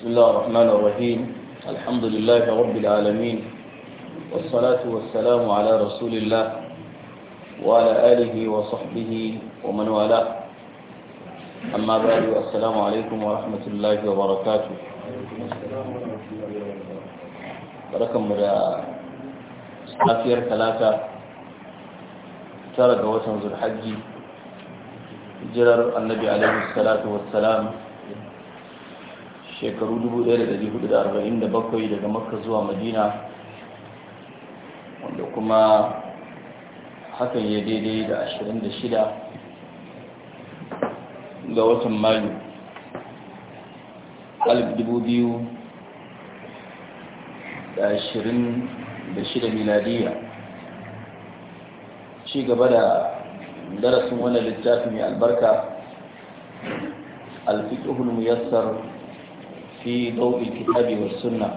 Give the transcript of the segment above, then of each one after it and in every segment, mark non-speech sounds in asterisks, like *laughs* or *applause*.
بسم الله الرحمن الرحيم الحمد لله رب العالمين والصلاة والسلام على رسول الله وعلى آله وصحبه ومن والاه أما بعد السلام عليكم ورحمة الله وبركاته بركم دا سافير ثلاثة ترى وطن ذو الحج جرر النبي عليه الصلاة والسلام shekaru 1447 daga makka zuwa madina wanda kuma hakan ya daidai da 26 ga watan mayu 2026 miladiya ci gaba da darasin wannan littafi mai albarka alfiƙihul muyassar fi dau'il kitabi wa sunna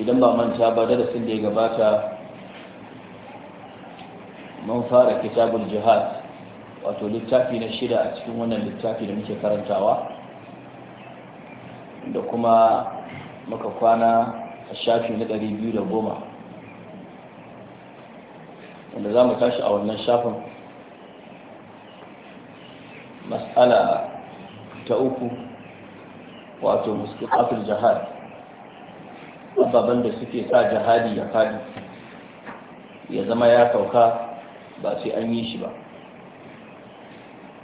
idan ba manta ba darasin da ya gabata mun fara kitabul jihad wato littafi na shida a cikin wannan littafi da muke karantawa da kuma muka kwana a shafi na biyu da goma, wanda za mu tashi a wannan shafin mas'ala ta uku wato afir jihad ababen da suke sa jihadi ya faɗi ya zama ya sauka ba sai an yi shi ba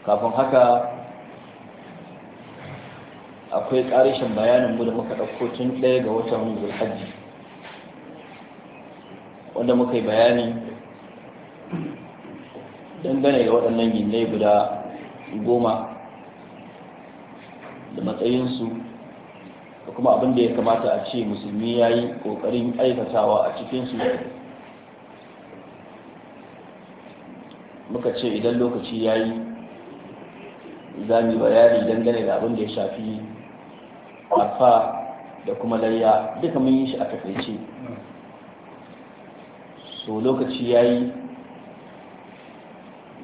kafin haka akwai ƙarishin bayanin mu da muka ɗauko tun ɗaya ga watan zulhajji wanda muka yi bayanin dangane ga waɗannan gindai guda goma da matsayinsu da kuma abin da ya kamata a ce musulmi ya yi ƙoƙarin aikatawa a cikinsu muka ce idan lokaci ya yi za mu bayani dangane da abin da ya shafi alfa da kuma layya duka mun yi shi a takaice so lokaci ya yi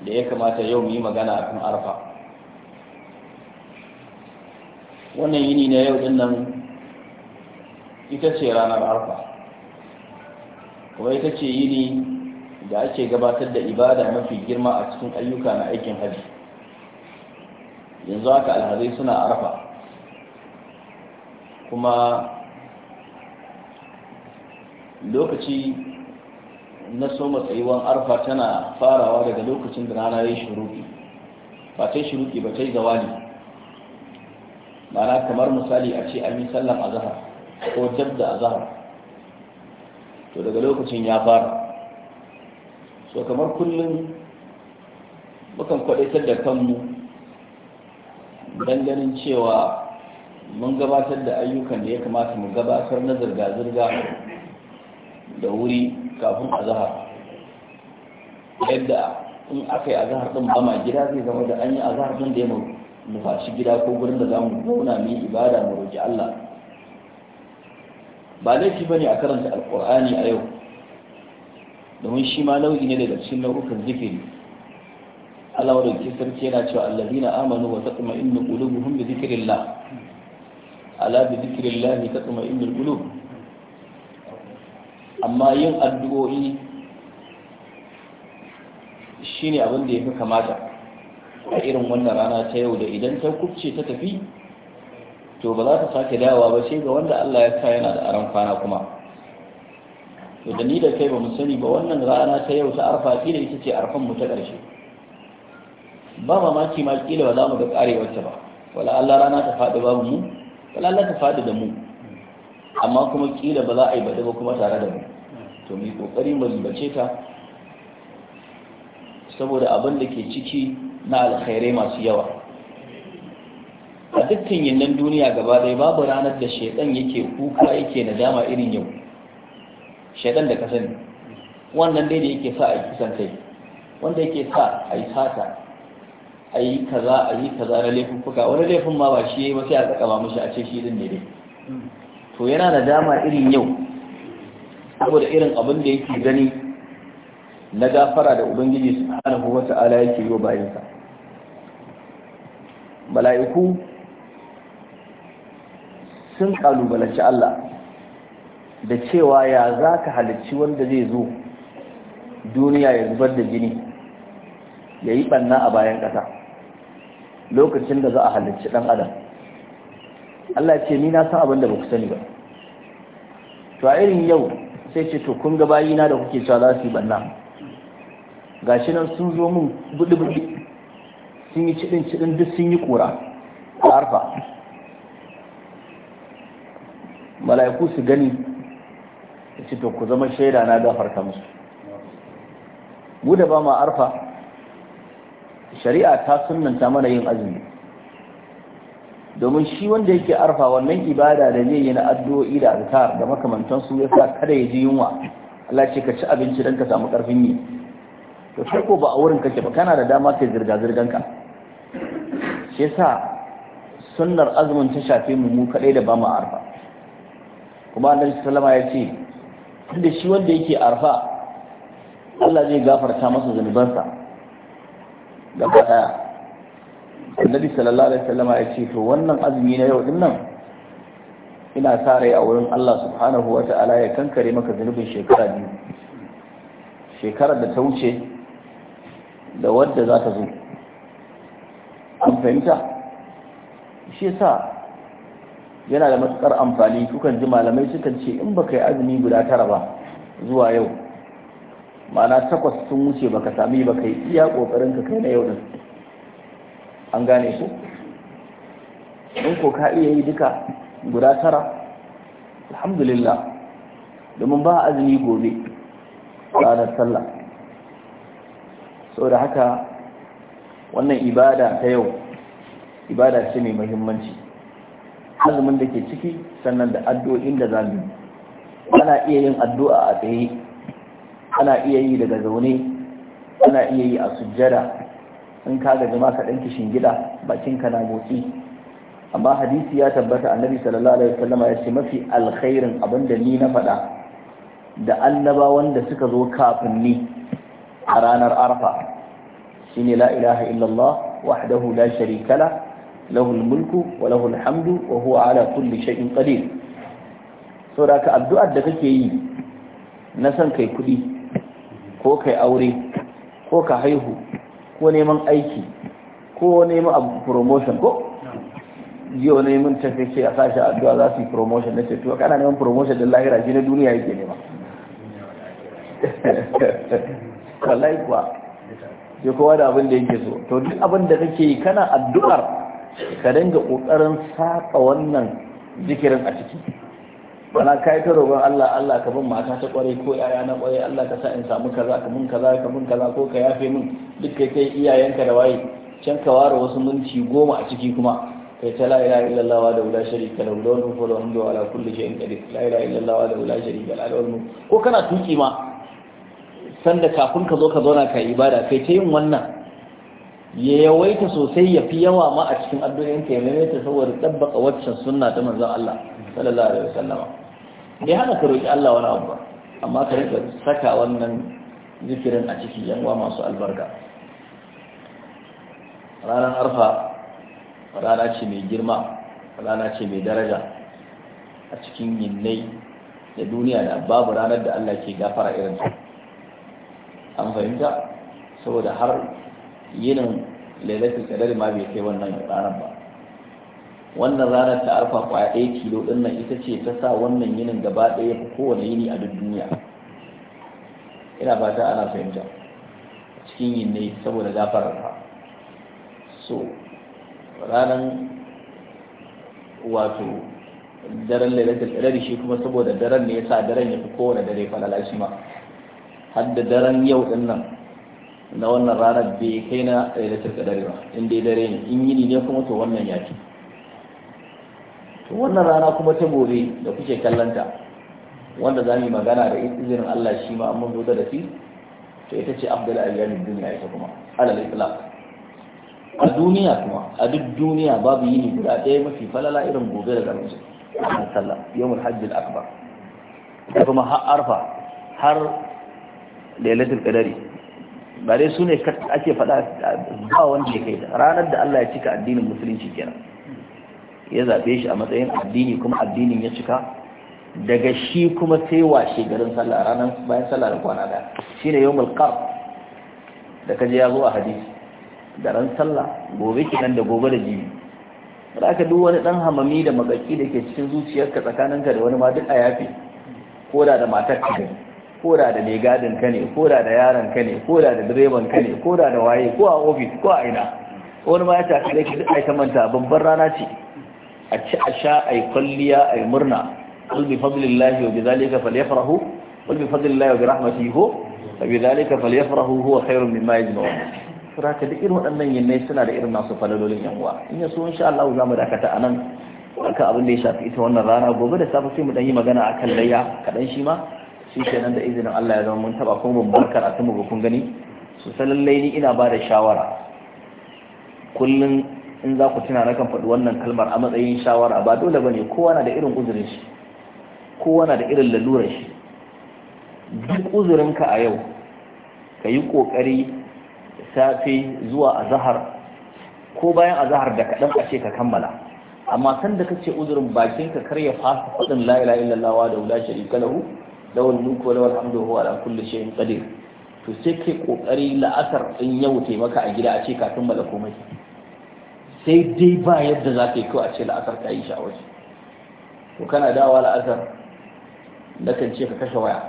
da ya kamata yau mu yi magana a kan arfa wannan yini na yau din nan ita ce ranar arfa kuma ita ce yini da ake gabatar da ibada mafi girma a cikin ayyuka na aikin hajji yanzu haka alhazai suna arfa kuma lokaci na soma tsayuwan arfa tana farawa daga lokacin da rana ya yi shuruki ba ta yi shuruki ba ta yi zawali ma'ana kamar misali a ce an yi sallar azahar ko jab azahar to daga lokacin ya fara so kamar kullum mukan kwadatar da kanmu don ganin cewa mun gabatar da ayyukan da ya kamata mu gabatar na zirga-zirga da wuri kafin azahar yadda in aka yi azahar ɗin ba ma gida zai zama da an yi azahar ɗin da ya mu faci gida ko gurin da za mu zauna mu ibada mu roƙi Allah ba laifi bane a karanta alqur'ani a yau domin shi ma nau'i ne daga cikin nau'ukan zikiri Allah wa dauki sarki yana cewa allazina amanu wa tatma'innu qulubuhum bi dhikrillah ala bi dhikrillah inna qulub amma yin addu'o'i shine abin da yafi kamata a irin wannan rana ta yau da idan ta kubce ta tafi to ba za ta sake dawowa ba sai ga wanda Allah ya sa yana da aran kwana kuma to da ni da kai ba mu sani ba wannan rana ta yau ta arfa kila ita ce arfan mu ta karshe ba mamaki ma kila ba za mu ga karewarta ba wala Allah rana ta faɗi babu mu wala Allah ta faɗi da mu amma kuma kila ba za a yi baɗi ba kuma tare da mu to mu yi ƙoƙari mu zubace ta saboda abin da ke ciki na alkhairai masu yawa a dukkan yinnan duniya gaba dai babu ranar da shaidan yake kuka yake nadama irin yau shaidan da ka sani wannan dai da yake sa a yi kisan kai wanda yake sa a yi sata a yi kaza a yi kaza na laifuka wani laifin ma ba shi ba sai a tsakaba mashi a ce shi din ne dai to yana da dama irin yau saboda irin abin da yake gani na gafara da ubangiji subhanahu wata'ala yake yi wa bayansa mala'iku sun kalubalanci Allah da cewa ya za ka halicci wanda zai zo duniya ya zubar da jini ya yi ɓanna a bayan ƙasa lokacin da za a halicci ɗan adam Allah ce ni na san abin da ba ku sani ba to a irin yau sai ce to kun ga bayina da kuke cewa za su yi ɓanna gashi nan sun zo min buɗi-buɗi sun yi cidin cidin duk sun yi kura a arfa mala'iku su gani da ku zama shaida na gafarta musu mu da ba ma arfa shari'a ta sunanta mana yin azumi domin shi wanda yake arfa wannan ibada da zai yi na addu'o'i da azkar da makamantansu ya sa kada ya ji yunwa Allah ce ka ci abinci don ka samu karfin yi to sai ko ba a wurin kake ba kana da dama kai zirga zirgan ka shi sa sunnar azumin ta shafe mu mu kadai da ba mu arfa kuma annabi sallama ya ce inda shi wanda yake arfa Allah zai gafarta masa zanubansa gaba daya annabi sallallahu alaihi wasallama ya ce to wannan azumi na yau din nan ina sa a wurin Allah subhanahu wata'ala ya kankare maka zanubin shekara biyu shekarar da ta wuce da wadda za ta zo an fahimta shi yasa yana da matukar amfani kukan ji malamai sukan ce in baka yi azumi guda tara ba zuwa yau ma'ana takwas sun wuce baka sami baka yi iya kokarin ka kai na yau din an gane ku in ko ka iya yi duka guda tara alhamdulillah domin ba azumi gobe ranar sallah saboda haka wannan ibada ta yau ibada ce mai muhimmanci azumin da ke ciki sannan da addu'o'in da za mu ana iya yin addu'a a tsaye ana iya yi daga zaune ana iya yi a sujjada in ka ga jama'a ka danki shingida bakinka na motsi amma hadisi ya tabbata annabi sallallahu alaihi wasallama ya ce mafi alkhairin abin da ni na faɗa da annabawan wanda suka zo kafin ni a ranar arfa shine la ilaha illallah wahdahu la sharika la lahul mulku wa lahul hamdu wa huwa ala kulli shay'in qadir saboda ka addu'ar da kake yi na san kai kudi ko kai aure ko ka haihu ko neman aiki ko neman abu promotion ko yau neman tafi ce a sashi addu'a za su yi promotion na ceto kana neman promotion din lahira shi na duniya yake nema *laughs* wallahi kuwa sai kowa da abin da yake so to duk abin da kake yi kana addu'ar ka dinga kokarin saka wannan zikirin a ciki bana kai ta roƙon Allah Allah ka bin mata ta kware ko yaya na kware Allah ka sa in samu kaza ka mun kaza ka mun kaza ko ka yafe min duk kai kai iyayenka da waye can ka ware wasu minti goma a ciki kuma kai ta la ilaha illallah wa da wala sharika lahu lahu wa lahu ala kulli shay'in qadir la ilaha illallah wa da wala sharika lahu ko kana tuki ma sanda kafin ka zo ka zauna ka ibada kai ta yin wannan ya yawaita sosai ya fi yawa ma a cikin ka ya ta saboda tabbaka waccan sunna ta manzon Allah sallallahu alaihi wasallama bai hana ka roki Allah wani abu ba amma ka rika saka wannan zikirin a ciki yan uwa masu albarka ranar arfa rana ce mai girma rana ce mai daraja a cikin yinnai da duniya da babu ranar da Allah ke gafara irin ta an fahimta saboda har yinin lalatin kadari ma bai kai wannan ranar ba wannan ranar ta arfa kwaya ɗaya kilo ɗin nan ita ce ta sa wannan yinin gaba ɗaya fi kowane yini a duk duniya ina fata ana fahimta cikin yin ne saboda gafarar ta so ranar wato daren lalatin kadari shi kuma saboda daren ne ya sa daren ya fi kowane dare falala shi ma Hadda daren yau din nan na wannan ranar bai kai na lailatul qadari ba in dai dare ne in yini ne kuma to wannan ya fi to wannan rana kuma ta gobe da kuke kallanta wanda za mu yi magana da izinin Allah shi ma mun zo da shi to ita ce abdul ayyamin duniya ita kuma alal itlaq a duniya kuma a duk duniya babu yini guda ɗaya mafi falala irin gobe da garin sallah yawmul hajjil akbar kuma har arfa har lailatul qadari ba dai sune ake fada ba wanda yake da ranar da Allah ya cika addinin musulunci kenan ya zabe shi a matsayin addini kuma addinin ya cika daga shi kuma sai washe garin sallah ranar bayan sallah da kwana da shine yawmul qab da kaje ya zo a hadisi da ran sallah gobe kenan da gobe da jibi ka duk wani dan hamami da makaki da ke cikin zuciyarka tsakaninka da wani ma duk a yafi ko da da matar ka gani ko da da mai gadin ka ne ko da da yaron ka ne ko da direban ka ne ko da da waye ko a ofis ko a ina wani ma ya taka da ki duk ta manta babbar rana ce a ci a sha a yi kwalliya a yi murna qul bi fadlillahi wa bi zalika falyafrahu qul bi fadlillahi wa bi rahmatihi wa bi zalika falyafrahu huwa khairun mimma yajma'un sura ka duk irin waɗannan yinne suna da irin nasu falalolin yan uwa in ya so insha Allah za mu dakata anan kan abin da ya shafi ita wannan rana gobe da safe sai mu dan yi magana akan layya kadan shi ma shi kenan da izinin Allah ya zama mun taba kuma ban barkar a tumu kun gani su lallai ni ina ba da shawara kullum in za ku tuna nakan faɗi wannan kalmar a matsayin shawara ba dole ba ne kowa na da irin uzurin shi kowa na da irin lalurar shi duk ka a yau ka yi ƙoƙari safe zuwa azahar ko bayan azahar da kaɗan a ce ka kammala amma san da kace uzurin bakinka kar ya fasa faɗin la ilaha illallah wa da la sharika lahu lawal mulku da lawal hamdu huwa ala kulli shay'in qadir to sai kai kokari la'asar din yau taimaka a gida a ce kafin mala komai sai dai ba yadda za ka yi kawai a ce la'asar ka yi shi to kana dawa la'asar kan ce ka kashe waya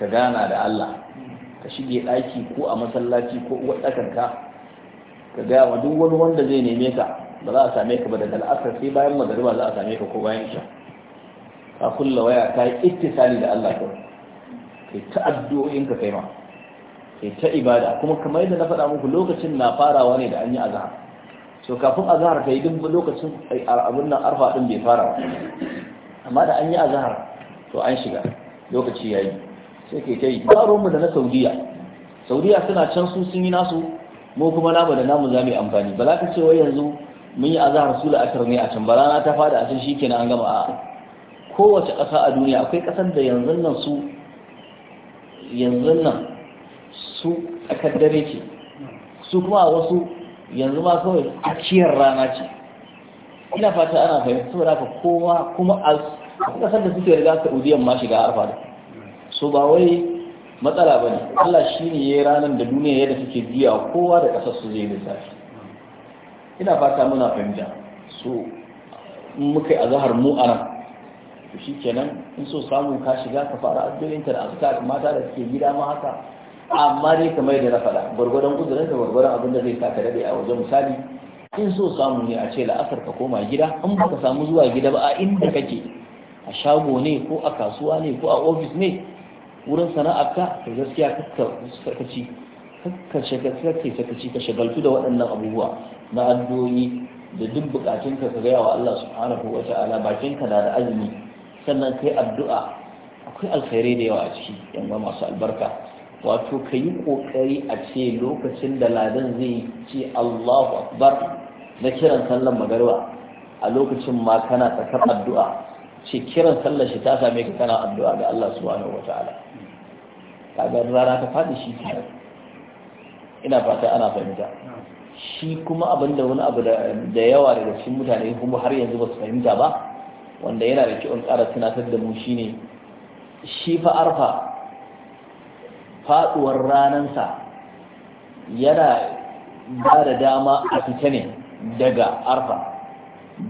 ka gana da Allah ka shige ɗaki ko a masallaci ko uwar ka gaya wa duk wani wanda zai neme ka ba za a same ka ba daga la'asar sai bayan magariba za a same ka ko bayan isha ka kulla waya Ta yi ittisali da Allah kawai kai ta addu'o'in ka kai ma kai ta ibada kuma kamar yadda na faɗa muku lokacin na farawa ne da an yi azhar so kafin azhar kai duk lokacin abin nan arfa din bai fara amma da an yi azhar to an shiga lokaci yayi sai kai ta yi baro mu da na Saudiya Saudiya suna can su sun yi nasu mu kuma namu da namu za mu yi amfani ba za ka ce wai yanzu mun yi azhar su la'asar ne a can ba rana ta fada a can shikenan an gama a'a kowace ƙasa a duniya akwai ƙasar da yanzu nan su yanzu nan su tsakar dare ce su kuma wasu yanzu ma kawai akiyar rana ce ina fata ana fahimta saboda haka kowa kuma a ƙasar da suke riga udiyan ma shiga arfa da so ba wai matsala ba ne allah shi ne ya yi ranar da duniya yadda suke biya kowa da ƙasar su zai lissafi ina fata muna fahimta so muka yi a zahar mu a nan to kenan in so samu ka shiga ka fara addu'o'inka da azkar mata da suke gida ma haka amma dai ka mai da na faɗa gwargwadon kudurin da gwargwadon abin da zai saka daɗe a wajen misali in so samu ne a ce la'asar ka koma gida in baka samu zuwa gida ba a inda kake a shago ne ko a kasuwa ne ko a ofis ne wurin sana'arka ta gaskiya ka ci kakkace kakkace ka shagaltu da waɗannan abubuwa na addu'o'i da duk buƙatunka ka gaya wa Allah subhanahu wa ta'ala bakinka na da azumi sannan kai addu'a akwai alkhairai da yawa a ciki yan ba masu albarka wato ka yi ƙoƙari a ce lokacin da ladan zai ce allahu akbar na kiran sallan magarba a lokacin ma kana tsakar addu'a ce kiran sallar shi ta same ka kana addu'a ga Allah subhanahu ta'ala kaga rana ta faɗi shi ina fata ana fahimta shi kuma abinda wani abu da yawa daga cikin mutane kuma har yanzu ba su fahimta ba wanda yana da kyau ƙara tunatar da mu shine shi fa arfa faduwar ranansa yana ba da dama a fita ne daga arfa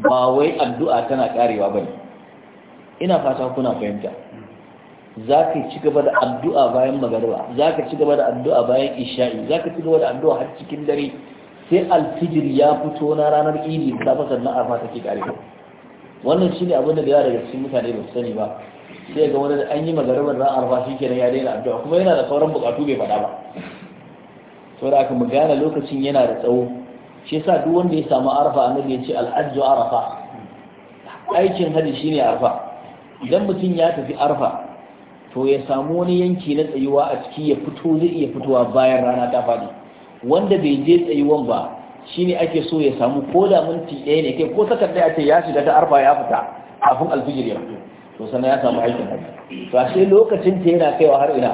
ba wai addu'a tana karewa ne ina fata kuna fahimta za ka ci gaba da addu'a bayan magariba za ka ci gaba da addu'a bayan isha'i za ka ci gaba da addu'a har cikin dare sai alfijir ya fito na ranar idi ta fasar na arfa take karewa wannan shine abin da da yawa daga cikin mutane ba su sani ba sai ga wani da an yi magarabar ran arfa shi kenan ya daina addu'a kuma yana da sauran bukatu bai faɗa ba to da aka gane lokacin yana da tsawo shi yasa duk wanda ya samu arfa annabi ya ce al'ajju arfa aikin shi ne arfa idan mutum ya tafi arfa to ya samu wani yanki na tsayuwa a ciki ya fito zai iya fitowa bayan rana ta faɗi wanda bai je tsayuwan ba shine ake so ya samu ko da minti ɗaya ne kai ko sakar ɗaya ce ya shiga ta arfa ya fita kafin alfijir ya fito to sannan ya samu aikin hajji to ashe lokacin ta yana kaiwa har ina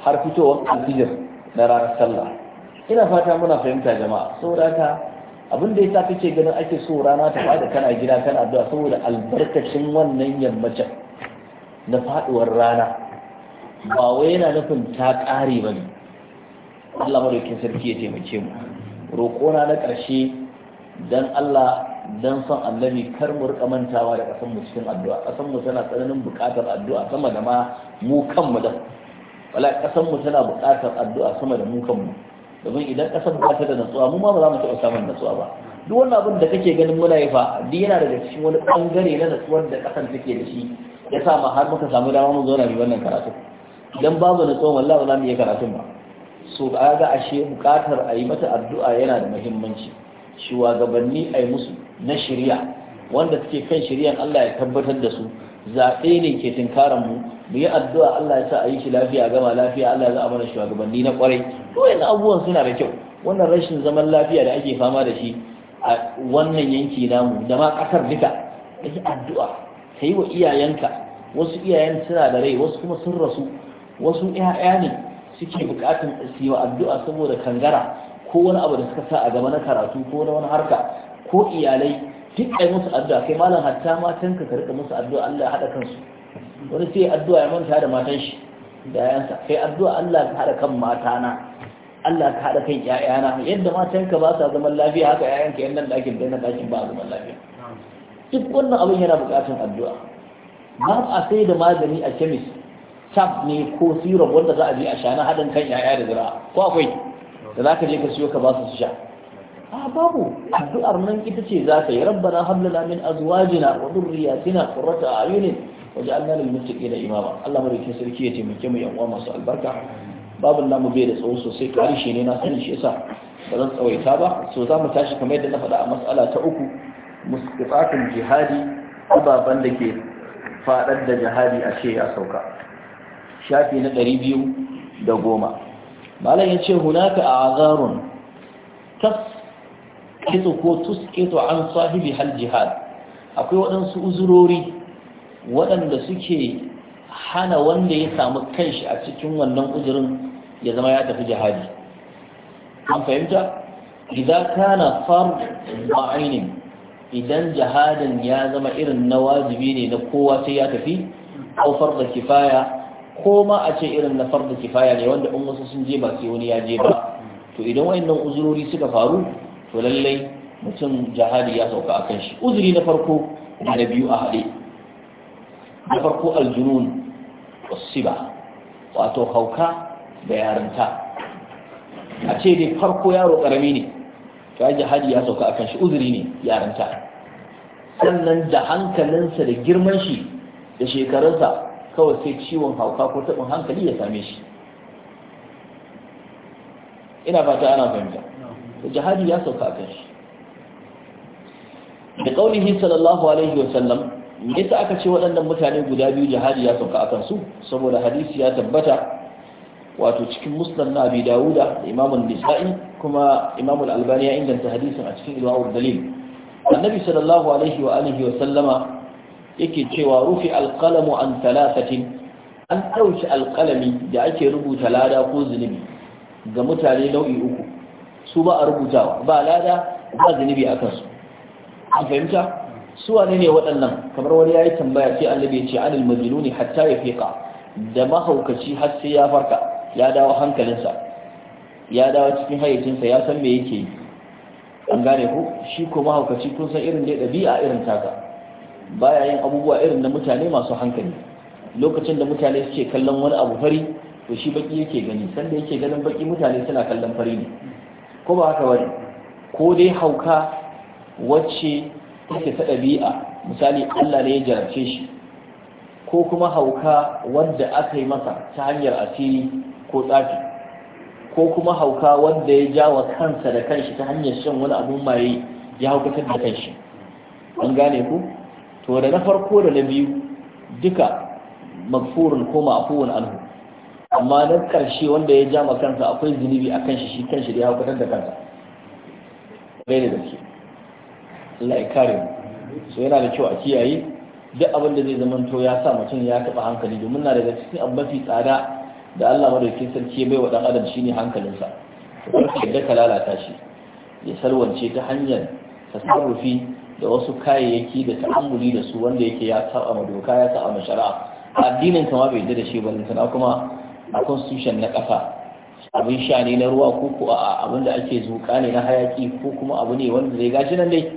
har fitowar alfijir na ranar sallah ina fata muna fahimta jama'a saboda ta, abin da yasa kake ganin ake so rana ta bada kana gida kana addu'a saboda albarkacin wannan yammacin na faduwar rana ba wai yana nufin ta ƙare ba ne Allah madaukin sarki ya taimake mu roƙona na ƙarshe don Allah don son annabi kar mu rika mantawa da ƙasar mu cikin addu'a ƙasar mu tana tsananin buƙatar addu'a sama da ma mu kanmu da wala ƙasar mu tana buƙatar addu'a sama da mu kanmu domin idan ƙasar ba ta da natsuwa mu ma ba za mu taɓa samun natsuwa ba duk wannan abin da kake ganin muna yi fa duk yana daga cikin wani ɓangare na natsuwar da ƙasar take da shi ya sa ma har muka samu dama mu zauna mu wannan karatu idan babu natsuwa wallahi ba za mu iya karatun ba so ga ashe bukatar a yi mata addu'a yana da muhimmanci shugabanni a yi musu na shirya wanda suke kan shiryan Allah ya tabbatar da su zaɓe ne ke tunkaran mu mu yi addu'a Allah ya sa a yi shi lafiya gama lafiya Allah ya za a mana shugabanni na kwarai to abubuwan suna da kyau wannan rashin zaman lafiya da ake fama da shi a wannan yanki namu da ma ƙasar duka da yi addu'a ka yi wa iyayenka wasu iyayen suna da rai wasu kuma sun rasu wasu 'ya'ya ne suke bukatun su yi addu'a saboda kangara ko wani abu da suka sa a gaba na karatu ko na wani harka ko iyalai duk ai musu addu'a kai malam hatta matan ka rika musu addu'a Allah ya haɗa kansu wani sai addu'a ya manta da matan shi da 'yansa. kai addu'a Allah ka haɗa kan matana Allah ka haɗa kan yayana yadda matan ka ba sa zaman lafiya haka yayan ka yannan dakin da nan dakin ba zaman lafiya duk wannan abin yana bukatun addu'a ba a sai da magani a kemis stamp ne ko syrup wanda za a je a sha na haɗin kan yaya da zira ko akwai da za ka je ka siyo ka ba su sha a babu addu'ar nan ita ce za ka yi rabbana hab lana min azwajina wa dhurriyyatina qurrata a'yunin waj'alna lil muttaqina imama Allah madaukakin sarki ya taimake mu yan uwa masu albarka Babu namu bai da tsawo sosai karshe ne na sani shi yasa ba zan tsawaita ba so za mu tashi kamar yadda na faɗa a matsala ta uku musqifatun jihadi ababen da ke faɗar da jihadi a ce ya sauka shafi na ɗari biyu da goma malam ya ce hunaka a azarun tas ko tusketo an sahibi hal jihad akwai waɗansu uzurori waɗanda suke hana wanda ya samu kanshi a cikin wannan uzurin ya zama ya tafi jihadi an fahimta idan kana farz ma'ainin idan jihadin ya zama irin na wajibi ne na kowa sai ya tafi ko farz kifaya ko ma a ce irin na farda kifaya ne wanda in wasu sun je ba sai wani ya je ba to idan wayannan uzurori suka faru to lallai mutum jihadi ya sauka akan shi uzuri na farko da na biyu a haɗe na farko aljunun wasiba wato hauka da yarinta a ce dai farko yaro karami ne to ya jihadi ya sauka akan shi uzuri ne yarinta sannan da hankalinsa da girman shi da shekarunsa kawai sai ciwon hauka ko taɓin hankali ya same shi ina fata ana fahimta jihadi ya sauka a kan shi da ƙaunihin sallallahu alaihi wasallam yasa aka ce waɗannan mutane guda biyu jihadi ya sauka a kansu saboda hadisi ya tabbata wato cikin musnad na abi dawuda da imamun nisa'i kuma imamul albani ya inganta hadisin a cikin ilwa'ul dalil annabi sallallahu alaihi wa alihi wa sallama yake cewa rufi alqalamu an satin" an ɗauki alƙalami da ake rubuta lada ko zunubi ga mutane nau'i uku su ba a rubutawa ba lada ba zunubi a kansu an fahimta su wane ne waɗannan kamar wani ya yi tambaya sai annabi ya ce anil majnuni hatta ya fiqa da mahaukaci har sai ya farka ya dawo hankalinsa ya dawo cikin hayyacinsa ya san me yake yi an gane ku shi ko mahaukaci kun san irin ɗabi'a irin taka baya yin abubuwa irin na mutane masu hankali lokacin da mutane suke kallon wani abu fari to shi baki yake gani sanda yake ganin baki mutane suna kallon fari ne ko ba haka bane ko dai hauka wacce take ta ɗabi'a misali Allah ne ya jarabce shi ko kuma hauka wanda aka yi masa ta hanyar asiri ko tsafi ko kuma hauka wanda ya ja wa kansa da kanshi ta hanyar shan wani abun maye ya haukatar da kanshi an gane ku to da na farko da na biyu duka magfurun ko ma'fuwun anhu amma na karshe wanda ya jama kansa akwai zunubi a kanshi shi kanshi da ya hukatar da kansa bai da gaske Allah ya kare mu so yana da kyau a kiyaye duk abin da zai zamanto ya sa mutum ya taɓa hankali domin na daga cikin abu mafi tsada da Allah madaukakin sarki ya bai wa ɗan adam shine hankalinsa to karka yadda ka lalata shi ya salwance ta hanyar tasarrufi da wasu kayayyaki da ta'ammuli da su wanda yake ya saba ma doka ya saba ma shari'a addinin kama bai yadda da shi ba lantana kuma a constitution na kafa abin sha ne na ruwa ko ko a abin da ake zuka ne na hayaki ko kuma abu ne wanda zai gashi nan dai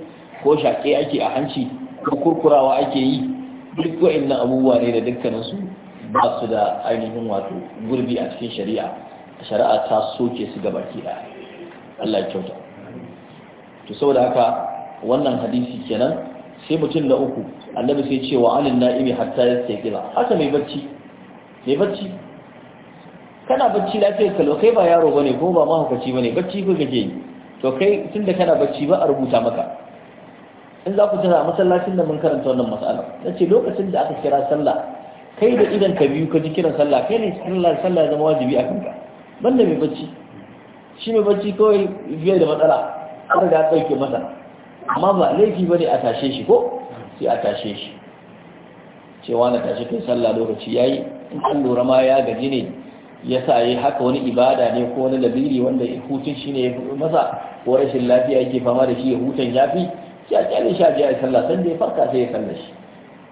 ko shaƙe ake a hanci ko kurkurawa ake yi duk wa'annan abubuwa ne da dukkanin su ba su da ainihin wato gurbi a cikin shari'a shari'a ta soke su gabaki da Allah ya kyauta to saboda haka wannan hadisi kenan sai mutum na uku annabi sai ce wa alin na'imi hatta ya ce gina haka mai bacci mai bacci kana bacci lafiyar kalwa kai ba yaro bane ko ba mahaukaci bane bacci ko gaje yi to kai tunda kana bacci ba a rubuta maka in za ku tana masallacin da mun karanta wannan mas'ala nace lokacin da aka kira sallah kai da idan ka biyu ka ji kiran sallah kai ne sallah sallah zama wajibi a kanka banda mai bacci shi mai bacci kawai biyar da matsala har da ɗauke masa amma ba laifi ba ne a tashe shi ko sai a tashe shi cewa na tashe kai sallah lokaci ya yi. in kan lura ma ya gaji ne ya sa yi haka wani ibada ne ko wani labiri wanda hutun shi ne ya fi masa ko rashin lafiya yake fama da shi ya hutun ya fi sai a kyale shi a je a yi sallah sanda ya farka sai ya sallah shi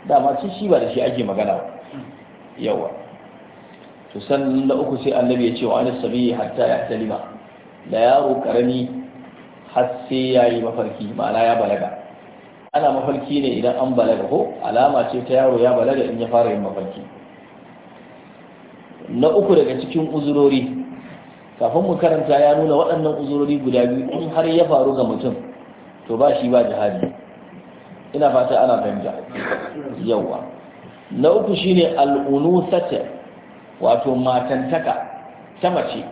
dama ci shi ba da shi ake magana ba yawa to sannan na uku sai annabi ya ce wa anas sabi hatta ya talima da yaro karami har sai ya yi mafarki ma'ana ya balaga ana mafarki ne idan an balaga ko alama ce ta yaro ya balaga in ya fara yin mafarki na uku daga cikin uzurori kafin mu karanta ya nuna waɗannan uzurori guda biyu in har ya faru ga mutum to ba shi ba jihadi ina fata ana fahimta yawa na uku shine al'unusata wato matantaka ta mace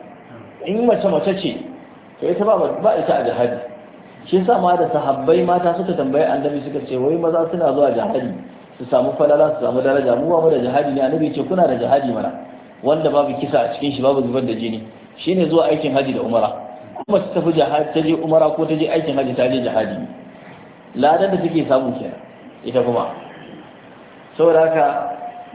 in mace mace ce to ita ba ba ita a jihadi shi yasa ma da sahabbai mata suka tambayi annabi suka ce wai maza suna zuwa jihadi su samu falala su samu daraja mu ba mu da jihadi ne annabi ce kuna da jihadi mana wanda babu kisa a cikin shi babu zubar da jini shine zuwa aikin haji da umara kuma su tafi jihadi ta je umara ko ta je aikin haji ta je jihadi ladan da take samu kenan ita kuma saboda haka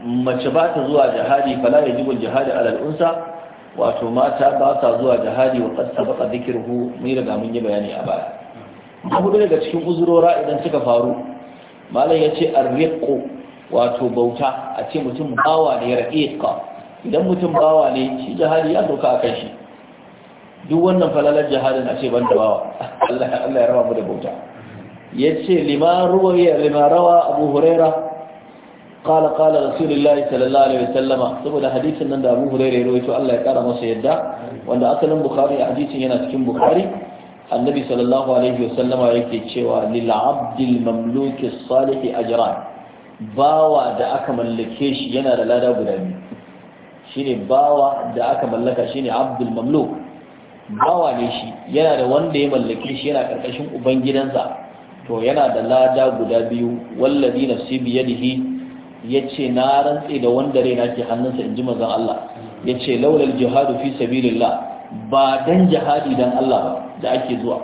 mace ba ta zuwa jihadi fala yajibu jihadi alal unsa wato mata ba sa zuwa jihadi wa qad sabaqa dhikruhu mai riga mun yi bayani a baya da hudu daga cikin uzurora idan suka faru malam yace riko wato bauta a ce mutum bawa ne ya ka idan mutum bawa ne shi jihadi ya doka akan shi duk wannan falalar jihadin a ce ban da bawa *laughs* Allah ya raba mu da bauta ce lima ya lima rawa Abu Huraira. qala qala rasulullahi sallallahu alaihi wasallam saboda hadisin nan da Abu Hurairah ya rawaito Allah ya kara masa yadda wanda asalin Bukhari a hadisin yana cikin Bukhari annabi sallallahu alaihi wasallam yake cewa lil abdil mamluk as-salih ajran bawa da aka mallake shi yana da lada guda biyu shine bawa da aka mallaka shine abdul mamluk bawa ne shi yana da wanda ya mallake shi yana karkashin ubangidansa to yana da lada guda biyu wallazi nafsi biyadihi ya ce na rantse da wanda raina ke hannunsa in ji mazan Allah ya ce laulal jihadu fi sabilillah ba dan jihadi dan Allah ba da ake zuwa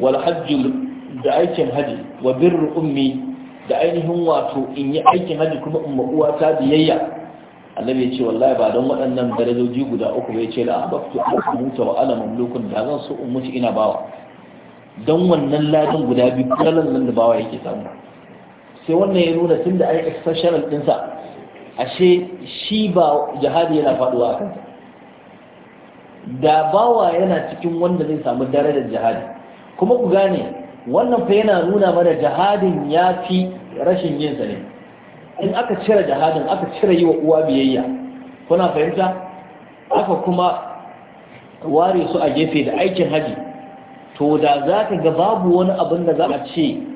wal hajjul da aikin haji wa birru ummi da ainihin wato in yi aikin haji kuma in uwa ta biyayya annabi ya ce wallahi ba don waɗannan darajoji guda uku ba ya ce la abaktu mutu wa ana mamlukun da zan so in mutu ina bawa don wannan ladan guda biyu kalan nan da bawa yake samu sai wannan ya nuna tun da ai exceptional ɗinsa ashe shi ba jihadi yana faɗuwa a kansa da bawa yana cikin wanda zai samu darajar jihadi kuma ku gane wannan fa yana nuna mana jihadin ya fi rashin yinsa ne in aka cire jihadin aka cire yi wa uwa biyayya kuna fahimta aka kuma ware su a gefe da aikin haji to da za ka ga babu wani abin da za a ce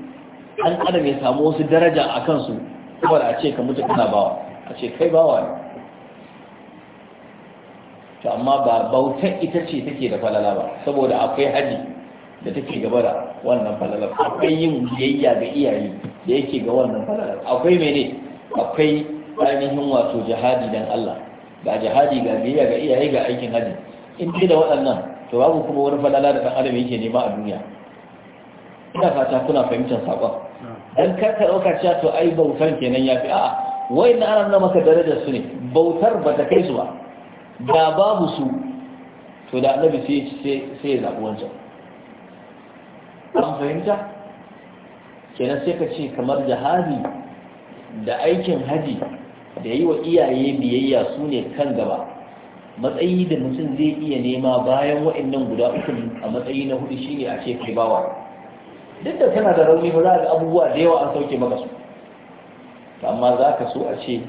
an adam ya samu wasu daraja a kansu kuma a ce ka mutu kana bawa a ce kai bawa ne to amma ba bautar ita ce take da falala ba saboda akwai haji da take gaba da wannan falala akwai yin biyayya ga iyaye da yake ga wannan falala akwai mene akwai ainihin wato jihadi dan Allah ga jihadi ga biyayya ga iyaye ga aikin haji in dai da waɗannan to babu kuma wani falala da ɗan adam yake nema a duniya ina fata kuna fahimtar saƙon dan karka dauka cewa to ai bautar kenan ya fi a'a wai na ana nuna maka darajar su ne bautar ba ta kai su ba da babu su to da annabi sai sai ya zaɓi wancan an fahimta kenan sai ka ce kamar jihadi da aikin haji da yi wa iyaye biyayya su ne kan gaba matsayi da mutum zai iya nema bayan wa'annan guda uku a matsayi na hudu ne a ce kai bawa duk da kana da rauni ba za ga abubuwa da yawa an sauke maka su amma za ka so a ce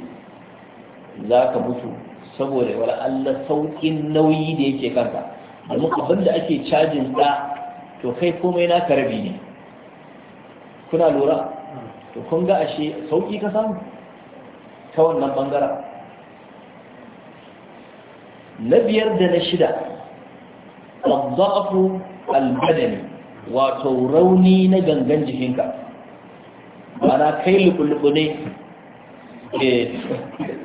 za ka mutu saboda wani allah sauƙin nauyi da yake kanka domin abin da ake cajin ɗa to kai komai na karabi ne kuna lura to kun ga ashe sauƙi ka samu ta wannan ɓangaren na biyar da na shida al-badani wato rauni na gangan jikinka mana kai lubulubu ne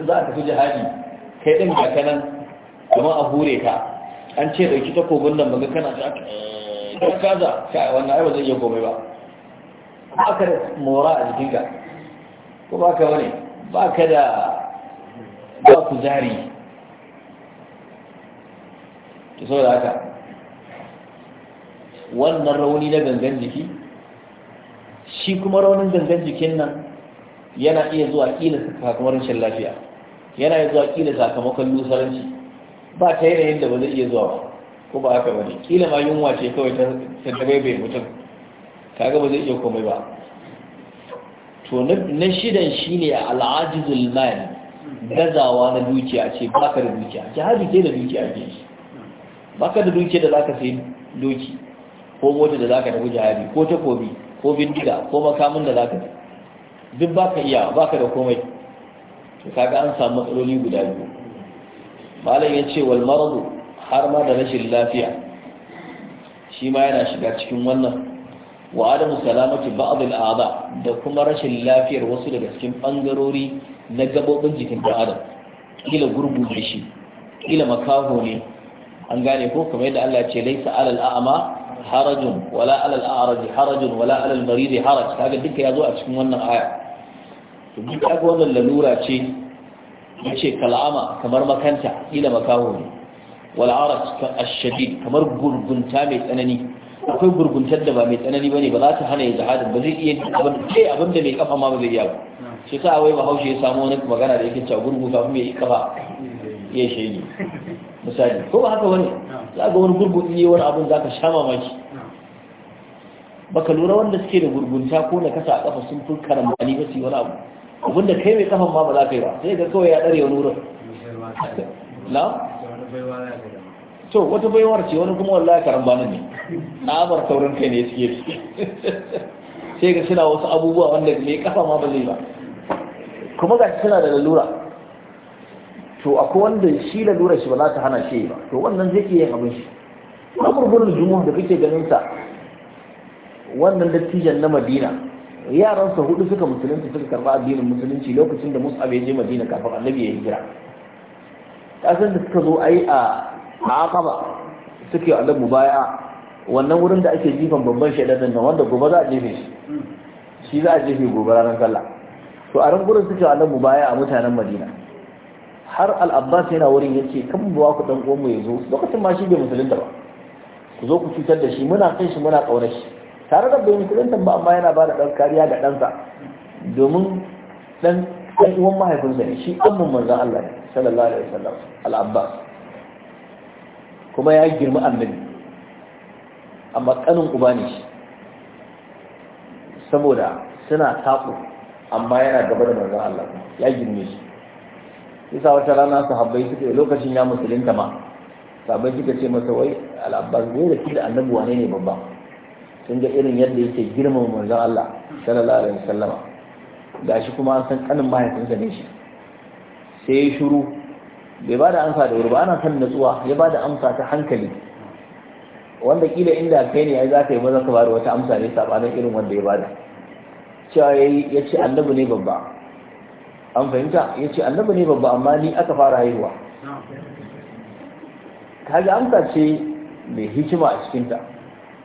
za a tafi jihadi kai ɗin ga kanan kuma a hure ka an ce ɗauki kogon nan maga kana ta ɗan eh, kaza ka wannan aiwa zai iya komai ba ba ka da mora a jikinka ko ba ka wani ba ka da ba ku zari ki sau da haka wannan rauni na gangan jiki shi kuma raunin gangan jikin nan yana iya zuwa kila sakamakon rashin lafiya yana iya zuwa kila sakamakon lusaranci ba ta yanayin da ba zai iya zuwa ba ko ba haka bane kila ma yunwa ce kawai ta tabai bai mutum kaga ba zai iya komai ba to na shidan shine al'ajizul mali gazawa na dukiya ce baka da dukiya jihadi ke da dukiya ke baka da dukiya da zaka sayi doki ko mota da zaka tafi jihadi ko takobi ko bindiga ko makamin da zaka duk baka iya baka da komai to kaga an samu matsaloli guda biyu malam ya ce wal maradu har ma da rashin lafiya shi ma yana shiga cikin wannan wa adamu salamati ba'd al da kuma rashin lafiyar wasu daga cikin bangarori na gabobin jikin da adam kila gurguje shi kila makaho ne an gane ko kamar yadda Allah ce laisa alal a'ma harajun wala alal a'raj harajun wala alal marid haraj kaga duka yazo a cikin wannan aya to duk kaga wannan lalura ce yace kal'ama kamar makanta ila makaho ne wal araj ka kamar gurgunta mai tsanani akwai gurguntar da ba mai tsanani bane ba za ta hana ya jihadin ba zai iya abin ce abin da mai kafa ma ba zai iya ba shi sa wai bahaushe ya samu wani magana da yake gurgu kafin mai kafa iya shi ne misali ko ba haka wani za ga wani gurgun ne wani abun za ka sha mamaki baka lura wanda suke da gurgunta ko na kasa a kafa sun fi karambani ba su wani abu abin da kai mai kafan ma ba za ka yi ba sai ga kawai ya ɗare wani wurin na? to wata baiwar ce wani kuma wallahi karambanin ne na bar saurin kai ne suke sai ga suna wasu abubuwa wanda mai kafa ma ba zai ba kuma ga suna da lalura to akwai wanda shi lura shi ba za ta hana shi ba to wannan zai iya yin abin shi na gurgurin jumu da kake ganin sa wannan dattijan na madina yaransa hudu suka musulunci suka karba addinin musulunci lokacin da mus'ab ya je madina kafin annabi ya hijira kasan da suka zo ai a aqaba suke annabi mubaya wannan wurin da ake jifan babban shaidan nan wanda gobe za a jefe shi shi za a jefe gobe ranar sallah to a ran gurin suke annabi mubaya a mutanen madina har al-abbas yana wurin yace kan buwa ku dan uwan mu yazo lokacin ma shi bai musulunta ba ku zo ku cutar da shi muna kan shi muna ƙaunar shi tare da bai musulunta ba amma yana da dan kariya ga ɗansa domin dan dan uwan mahaifinsa ne shi amman manzon Allah sallallahu alaihi wasallam al-abbas kuma ya girma annabi amma kanin uba ne shi saboda suna taku amma yana gaba da manzon Allah ya girme shi isa wata rana sahabbai suka lokacin ya musulunta ma sahabbai suka ce masa wai al'abbas ne da kila annabi wane ne babba sun ga irin yadda yake girmama manzon Allah sallallahu alaihi wasallama gashi kuma an san kanin mahaifinsa ne shi sai ya shuru, bai bada amsa da wuri ba ana san natsuwa ya bada amsa ta hankali wanda kila inda kai ne ai za ka yi maza ka bada wata amsa ne sabanin irin wanda ya bada cewa ya ce annabi ne babba an fahimta ya ce annabi ne babba amma ni aka fara haihuwa kaga amsa ce mai hikima a cikinta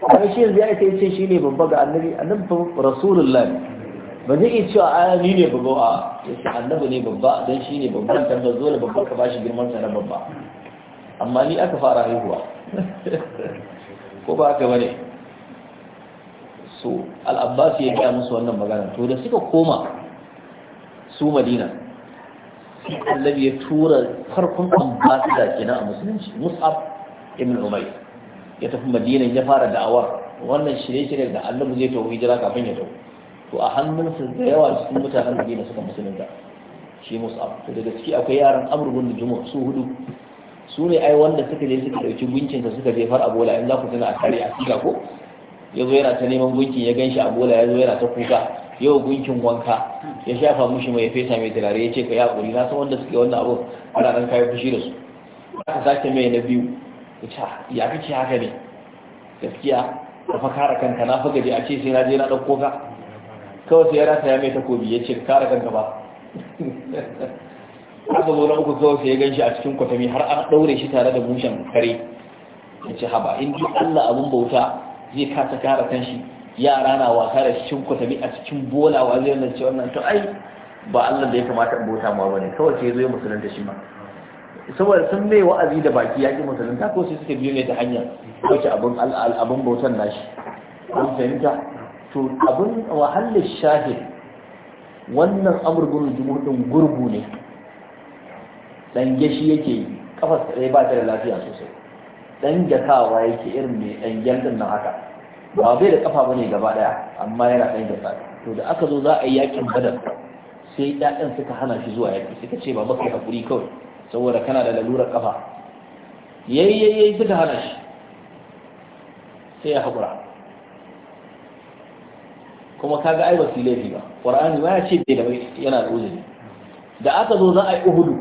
kuma shi yanzu ya ita ya ce shi ne babba ga annabi annabi rasulullah ba zai iya cewa a ni ne babba a ya ce annabi ne babba don shi ne babban kan da dole babba ka bashi girman sa na babba amma ni aka fara haihuwa *laughs* ko ba ka bane so al-abbas ya gaya musu wannan magana to da suka koma su madina annabi ya tura farkon ambasada kenan a musulunci mus'ab ibn umayr ya tafi madina ya fara da'awar wannan shirye-shirye da annabi zai tafi hijira kafin ya tafi. to a hannunsa da yawa cikin mutanen madina suka musulunta shi mus'ab to da ciki akwai yaran amr bin jumu'a su hudu su ne ai wanda suka je suka dauki gunkin sa suka jefar a bola in za ku tuna a kare a siga ko ya zo yana ta neman gunkin ya ganshi a bola ya zo yana ta kuka yau gunkin wanka ya shafa mushi mai fesa mai turare ya ce ka yaƙuri na san wanda suke wannan abu ana ɗan kayan fushi da su aka sake mai na biyu ya kace haka ne gaskiya ka fa kare kanka na fa gaji a ce sai na je na ɗauko ka kawai sai ya rasa ya mai takobi ya ce kare kanka ba *laughs* aka zo na uku kawai sai ya gan shi a cikin kwatami har an ɗaure shi tare da mushen kare ya ce haba in duk allah abin bauta zai kasa kare kan shi yara na wasa da cikin kwatami a cikin bola wa zai nan ce wannan to ai ba Allah da ya kamata in bauta ma bane kawai sai zo ya musulunta shi ma saboda sun mai wa'azi da baki ya ki musulunta ko sai suka biyo ne ta hanyar wace abin abin bautan nashi an fahimta to abin wahalar shahid wannan amurgun jumu'in gurbu ne dan gashi yake yi kafar tsaye ba ta da lafiya sosai dan gasawa yake irin mai dan gyaldin nan haka ba bai da kafa bane gaba daya amma yana ɗan jasa to da aka zo za a yi yakin badar sai ɗaɗan suka hana shi zuwa yaki suka ce ba kai hakuri kawai saboda kana da lalurar kafa yayi yayi suka hana shi sai ya hakura kuma kaga ai wasu laifi ba qur'ani ba ya ce bai da yana da uzuri da aka zo za a yi uhudu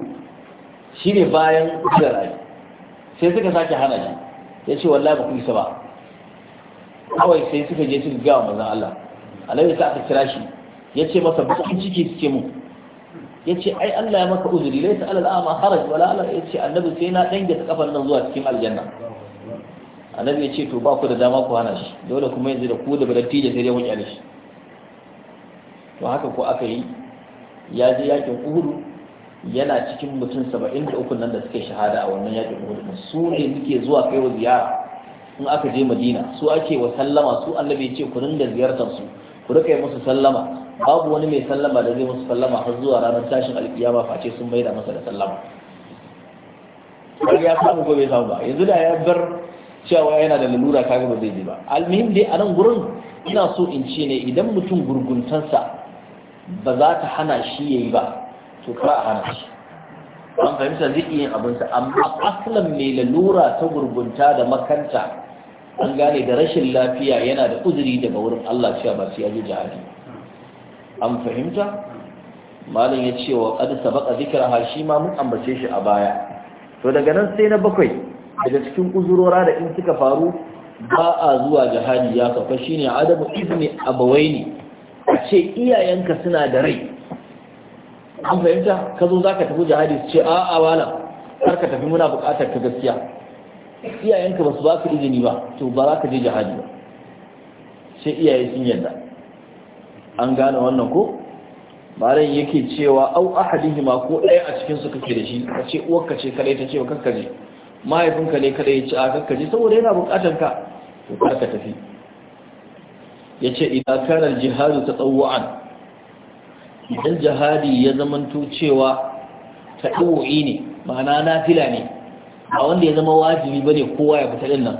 shine bayan da sai suka sake hana shi ya ce wallahi ba ku isa ba kawai sai suka je suka gawa maza Allah alaihi sa aka kira shi ya ce masa bukin ciki suke mu ya ce ai Allah ya maka uzuri laisa alal a'ma haraj wala ala ya ce annabi sai na danga ta kafar nan zuwa cikin aljanna annabi ya ce to ba ku da dama ku hana shi dole kuma yanzu da ku da baratija sai dai mu kyale shi to haka ko aka yi ya je yakin uhudu yana cikin mutum 73 nan da suke shahada a wannan yakin uhudu su ne suke zuwa kai wa ziyara in aka je madina su ake wa sallama su annabi ya ce ku rinda ziyartar su ku rika yi musu sallama babu wani mai sallama da zai musu sallama har zuwa ranar tashin alkiyama face sun maida masa da sallama har ya samu ko bai samu ba yanzu da ya bar cewa yana da lalura kaga ba zai je ba almuhim dai a nan gurin ina so in ce ne idan mutum gurguntansa ba za ta hana shi ya yi ba to kar a hana shi an fahimta zai iya yin abinsa amma asalin mai lalura ta gurgunta da makanta an gane da rashin lafiya yana da uzuri daga wurin Allah cewa ba su yaji jihadi an fahimta malam ya ce wa qad zikira har shi ma mun ambace shi a baya to daga nan sai na bakwai daga cikin uzurora da in suka faru ba a zuwa jihadi ya kafa ne adamu izni abawaini a ce iyayenka suna da rai an fahimta ka zo za ka tafi jihadi su ce a'a wala kar ka tafi muna buƙatar ka gaskiya iyayenka ba su ba ka izini ba to ba za ka je jihadi ba sai iyaye sun yadda an gane wannan ko malam yake cewa au ahadihima ko ɗaya a cikin su kake da shi ka ce uwarka ce kadai ta ce wa kanka je mahaifinka ne kada ya ce a kanka je saboda yana buƙatar ka to kar ka tafi Ya ce idan kanar jihadi ta tsawo'an idan jihadi ya zamanto cewa taɗu'i ne ma'ana na fila ne a wanda ya zama wajibi bane kowa ya fita din nan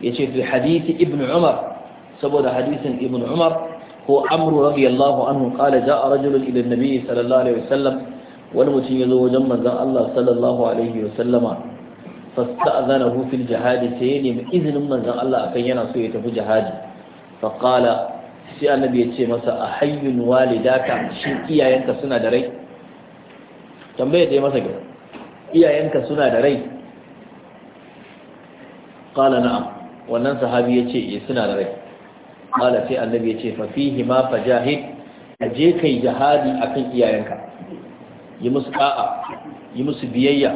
yace fi hadisi ibnu umar saboda hadisin ibnu umar ko amru radiyallahu anhu qala jaa rajulun ila an-nabi sallallahu alaihi wasallam wani mutum ya zo wajen manzon Allah sallallahu alaihi wasallama fasta'zanahu fil jihad sai ya nemi izinin manzon Allah akan yana so ya tafi jihadi fa qala sai annabi ya ce masa a hayyun walidaka shin iyayenka suna da rai dai masa gaba iyayenka suna da rai qala na'am wannan sahabi ya ce eh, suna da rai qala sai annabi yace fa fihi ma a aje kai jihadi akan iyayenka yi musu ƙa'a, yi musu biyayya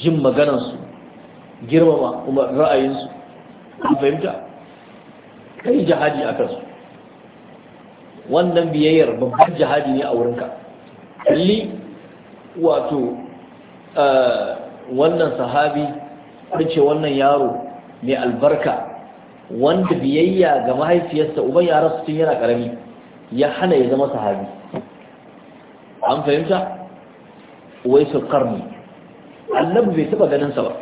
jin maganansu girmama kuma ra'ayinsu. kan fahimta kai jihadi a kansu. wannan biyayyar babban jihadi ne a wurinka kalli wato wannan sahabi ce wannan yaro mai albarka wanda biyayya ga mahaifiyarsa uban yaran su tun yana karami ya hana ya zama sahabi an fahimta wai su karni annabi bai taba ganin ba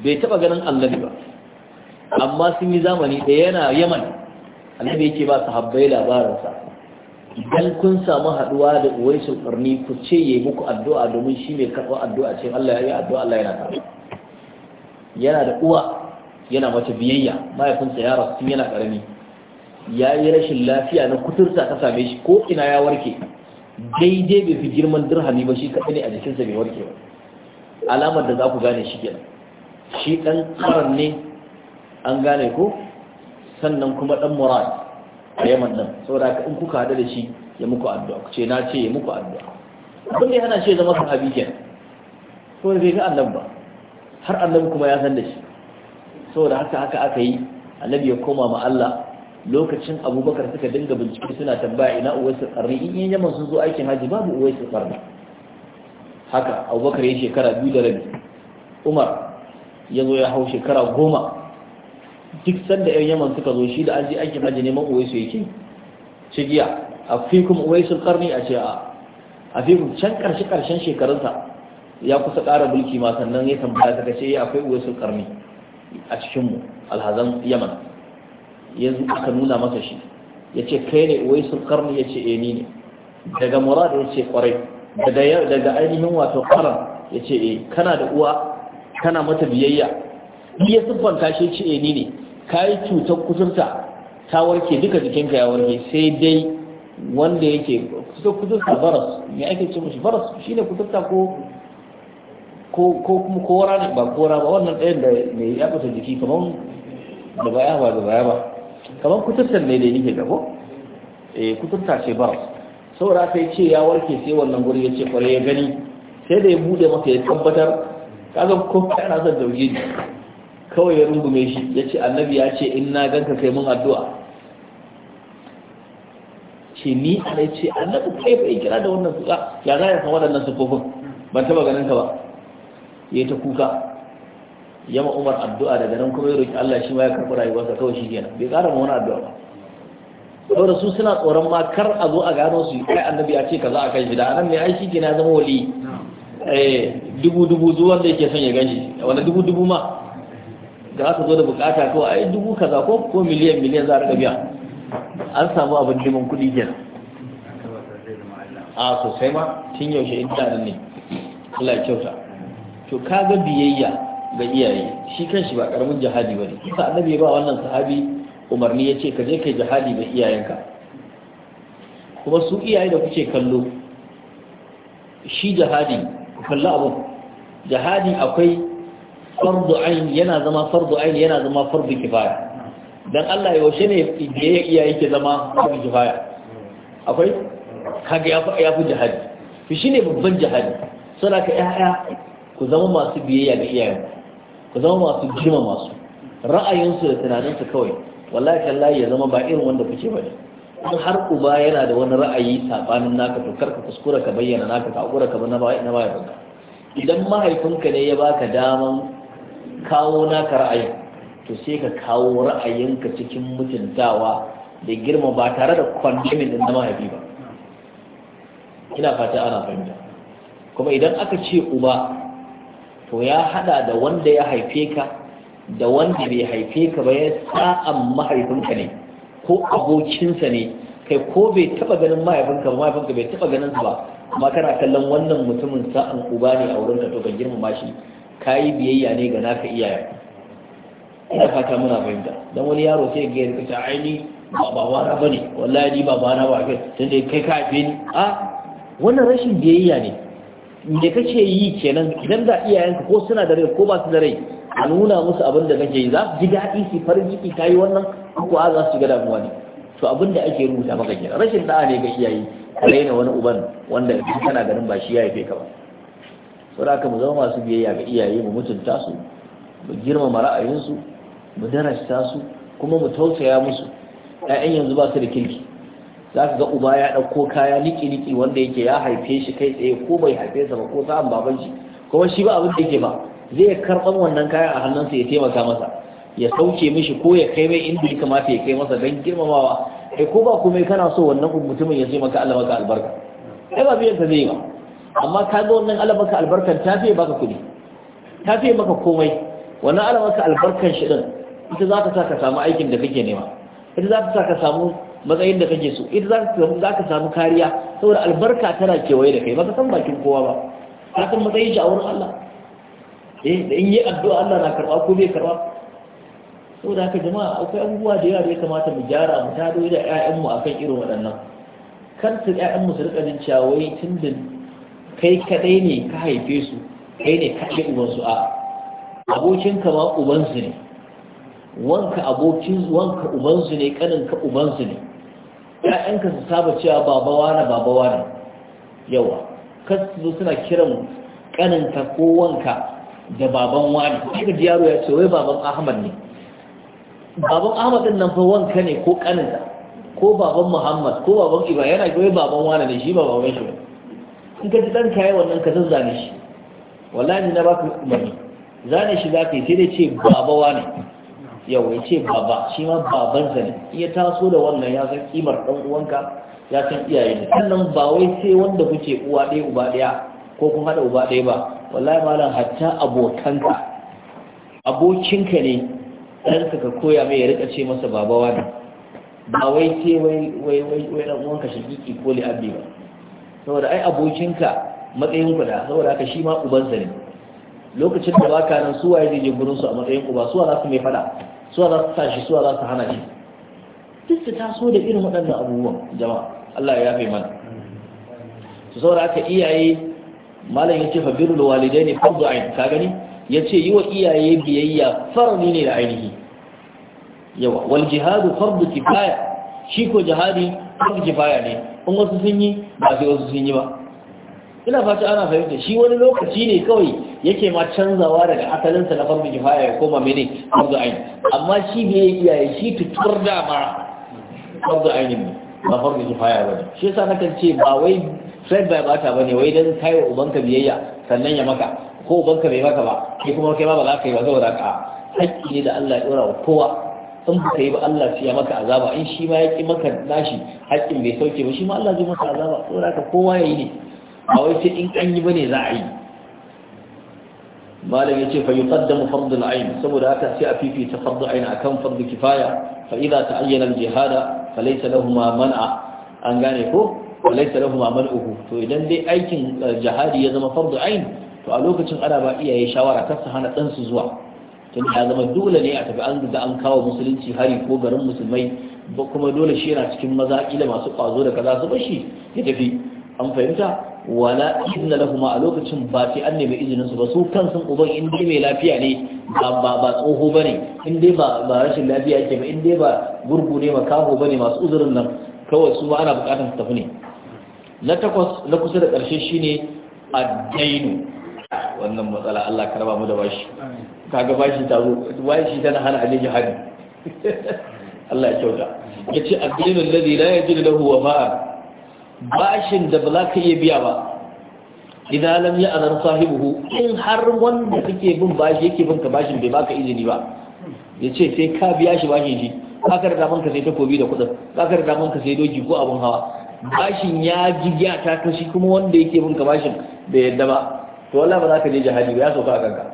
bai taba ganin annabi ba amma sun yi zamani da yana yaman annabi yake ba sahabbai labarinsa idan kun samu haduwa da uwaisul qarni ku ce yi muku addu'a domin shi mai karɓar addu'a ce Allah ya yi addu'a Allah yana karɓa yana da uwa yana mace biyayya mahaifinsa ya rasu yana karami ya yi rashin lafiya na kuturta ta same shi ko ina ya warke daidai bai fi girman dirhami ba shi kaɗai ne a jikinsa bai warke ba alamar da za ku gane shi kenan shi ɗan karan ne an gane ko sannan kuma ɗan murad a yaman nan saboda in kuka hada da shi ya muku addu'a ku ce na ce ya muku addu'a abin da ya hana shi zama sahabi kenan saboda bai ga annabi ba har annabi kuma ya san da shi saboda haka haka aka yi annabi ya koma ma Allah lokacin abubakar suka dinga bincike suna tambaya ina su tsarni in yin yaman sun zo aikin haji babu su tsarni haka abubakar ya shekara biyu da rabi umar ya zo ya hau shekara goma duk sanda yan yaman suka zo shi da an ji ake maji neman uwaisu yake Cigiya. giya a fikun uwaisu karni a ce a a fikun can karshe karshen shekarunsa ya kusa ƙara mulki ma sannan ya tambaya ta ce akwai uwaisu karni a cikinmu alhazan yaman yanzu aka nuna masa shi ya ce kai ne uwaisu karni ya ce eh, ni ne daga murad ya ce kwarai daga ainihin wato karan ya ce eh, kana da uwa kana mata biyayya ya siffanta shi ce eh, ni ne ka yi cutar kuturta ta warke duka jikinka ya warke sai dai wanda yake kusa kuturta baras me ake ce mashi baras shine kuturta ko ko kuma kora ne ba kora ba wannan ɗayan da me ya fita jiki kamar da baya ba da baya ba kamar kusurta ne da yake gabo eh kuturta ce baras saboda sai ce ya warke sai wannan guri ya ce kware ya gani sai da ya bude masa ya tabbatar kaga ko kana son dauke kawai ya rungume shi ya ce annabi ya ce in na ganka kai mun addu'a ce ni a ce annabi kai bai kira da wannan suka ah, ya za ya san waɗannan sufofin ban taba ganin ka ba ya ta kuka ya ma umar addu'a daga nan kuma ya roƙi Allah shi ma ya karɓi rayuwarsa kawai shi kenan bai ƙara ma wani addu'a ba saboda su suna tsoron ma kar a zo a gano su kai annabi ya ce kaza a kai shi da anan mai aiki kenan ya zama wali eh, dubu dubu zuwan da yake son ya gani wani dubu dubu ma da aka zo da bukata ko ai dubu kaza ko ko miliyan miliyan za a rika biya an samu abin neman kuɗi kenan a sosai ma tun yaushe in da ne Allah ya kyauta to kaga biyayya ga iyaye shi kanshi ba karamin jihadi bane sai annabi ba wannan sahabi umarni yace ka je kai jihadi ga iyayenka kuma su iyaye da kuke kallo shi jihadi ku kalli abu jihadi akwai fardu ain yana zama fardu ain yana zama fardu kifaya dan Allah yaushe ne da ya iya yake zama fardu kifaya akwai kage ya fi jihadi fi shine babban jihadi sai ka ƴaƴa ku zama masu biyayya ga iyayen ku zama masu jima masu su da tunanin su kawai wallahi kallahi ya zama ba irin wanda kuke ba ne in har uba yana da wani ra'ayi sabanin naka to karka kuskura ka bayyana naka ka hakura ka na ba na ba idan mahaifinka ne ya baka daman kawo naka ra'ayi to sai ka kawo ra'ayinka cikin mutuntawa da girma ba tare da kwandamin din na mahaifi ba ina fata ana fahimta kuma idan aka ce uba to ya hada da wanda ya haife ka da wanda bai haife ka ba ya sa'an mahaifinka ne ko abokinsa ne kai ko bai taba ganin mahaifinka ba mahaifinka bai taba ganin ba amma kana kallon wannan mutumin sa'an uba ne a wurinka to ka girmama shi ka yi biyayya ne ga naka iyaye ina fata muna fahimta don wani yaro sai ga yarka ta aini ba ba wara bane wallahi ni ba na ba kai tunda kai ka haife ni a wannan rashin biyayya ne me kake yi kenan idan da iyayenka ko suna da rai ko ba su da rai a nuna musu abin da kake yi za su ji daɗi su farin ciki ka yi wannan ko a za su shiga damuwa ne to abin da ake rubuta maka kenan rashin da'a ne ga iyaye ka raina wani uban wanda kana ganin ba shi ya haife ka ba aka mu zama masu biyayya ga iyaye mu mutunta su mu girmama ra'ayinsu mu darasta su kuma mu tausaya musu ƴaƴan yanzu ba su da kirki za ka ga uba ya ɗauko kaya niki-niki wanda yake ya haife shi kai tsaye ko bai haife sa ba ko sa'an baban shi kuma shi ba abin da yake ba zai karɓan wannan kaya a hannunsa ya taimaka masa ya sauke mishi ko ya kai mai inda ya kamata ya kai masa don girmamawa kai ko ba kuma kana so wannan mutumin ya ce maka Allah maka albarka ai ba biyan ta zai ba amma ka ga wannan Allah maka albarkan ta fiye baka kuɗi ta fiye maka komai wannan Allah maka albarkan shi din ita za ka sa ka samu aikin da kake nema ita za ka sa ka samu matsayin da kake so ita za ka samu kariya saboda albarka tana kewaye da kai ba ka san bakin kowa ba ka san matsayin shi a wurin Allah eh da in yi addu'a Allah na karɓa ko bai karɓa saboda haka jama'a akwai abubuwa da yawa da ya kamata mu gyara mu tado da ƴaƴanmu akan irin waɗannan kan su ƴaƴanmu su rika jin cewa wai tun kai kadai ne ka haife su kai ne kaɗai ubansu a abokinka ma ubansu ne wanka abokin wanka ubansu ne kaninka ubansu ne ƴaƴanka su saba cewa baba wani baba wani yawa kas su suna kiran kaninka ko wanka da baban wani kaga yaro ya ce wai baban ahmad ne baban ahmad din nan fa wanka ne ko kaninka ko baban muhammad ko baban ibrahim yana ga wai baban wani ne shi ba baban shi ba in ka ji ɗanka yi wannan ka zazzane shi wallahi na baka umarni zane shi za ka yi sai dai ce babawa ne yau ya ce baba shi ma babansa ne iya taso da wannan ya san kimar ɗan uwanka ya san iyaye ne sannan ba wai sai wanda kuke uwa ɗaya uba ɗaya ko kun haɗa uba ɗaya ba wallahi malam hatta abokanka abokinka ne ɗanka ka koya mai ya rika ce masa babawa ne ba wai sai wai wai wai wai ɗan uwanka shakiki ko li'abbi ba saboda ai abokinka matsayin ku da saboda haka shi ma ubansa ne lokacin da baka nan suwa yaje je gurin su a matsayin ku ba suwa za su mai fada suwa za su tashi suwa za su hana shi duk su taso da irin waɗannan abubuwan jama'a Allah ya yafe mana to saboda haka iyaye malam ya ce fa birrul walidaini fardu ain ka gani yace yi wa iyaye biyayya farni ne da ainihi yawa wal jihadu fardu kifaya shi ko jihadi fardu kifaya ne in wasu sun yi ba sai wasu sun yi ba ina fata ana fahimta shi wani lokaci ne kawai yake ma canzawa daga asalinsa na farko jihaya ya koma mene farzu ayin amma shi bai yi iyaye shi tutur da ma farzu ayin ne ba farzu jihaya ba ne shi yasa nakan ce ba wai fred bai bata ba ne wai dan kai wa ubanka biyayya sannan ya maka ko ubanka bai maka ba kai kuma kai ma ba za ka yi ba saboda ka haƙƙi ne da Allah ya ɗora wa kowa in ba ka yi ba Allah siya maka azaba in shi ma ya ki maka nashi haƙƙin bai sauke ba shi ma Allah zai maka azaba saboda kowa ya yi ne ba wai sai in an yi ne za a yi malam ce fa yuqaddamu fardu al Ayin, saboda haka sai a fifita fardu a kan fardu kifaya fa idza ta'ayyana jihada falaysa lahumu man'a an gane ko falaysa lahumu man'uhu to idan dai aikin eh, jihadi ya zama fardu Ayin, to a lokacin ana ba iyaye shawara kar su hana ɗansu zuwa tun ya zama dole ne a tafi an riga an kawo musulunci hari ko garin musulmai ba kuma dole shi yana cikin maza kila masu kwazo da kaza su bashi ya tafi an fahimta wala izna lahuma a lokacin ba sai an nemi izinin su ba su kansu uban in dai mai lafiya ne ba ba ba tsoho bane in dai ba ba rashin lafiya yake ba in dai ba gurgu ne makaho bane masu uzurin nan kawai su ana bukatar su tafi ne na takwas na kusa da ƙarshe shine addainu wannan matsala Allah karba mu da bashi kaga bashi ta zo bashi tana hana aje jihadi *laughs* Allah ya kyauta yace addinul ladhi la yajidu lahu wafa'a bashin da ba za ka iya biya ba idan lam ya'zan sahibihi in har wanda kake bin bashi yake bin ka bashin bai baka izini ba yace sai ka biya shi bashin shi ka karda manka sai takobi da kudin ka karda manka sai doki ko abun hawa bashin ya jigya ta kashi kuma wanda yake bin ka bashin bai yadda ba to wala ba za ka je jihadi ba ya sauka a kanka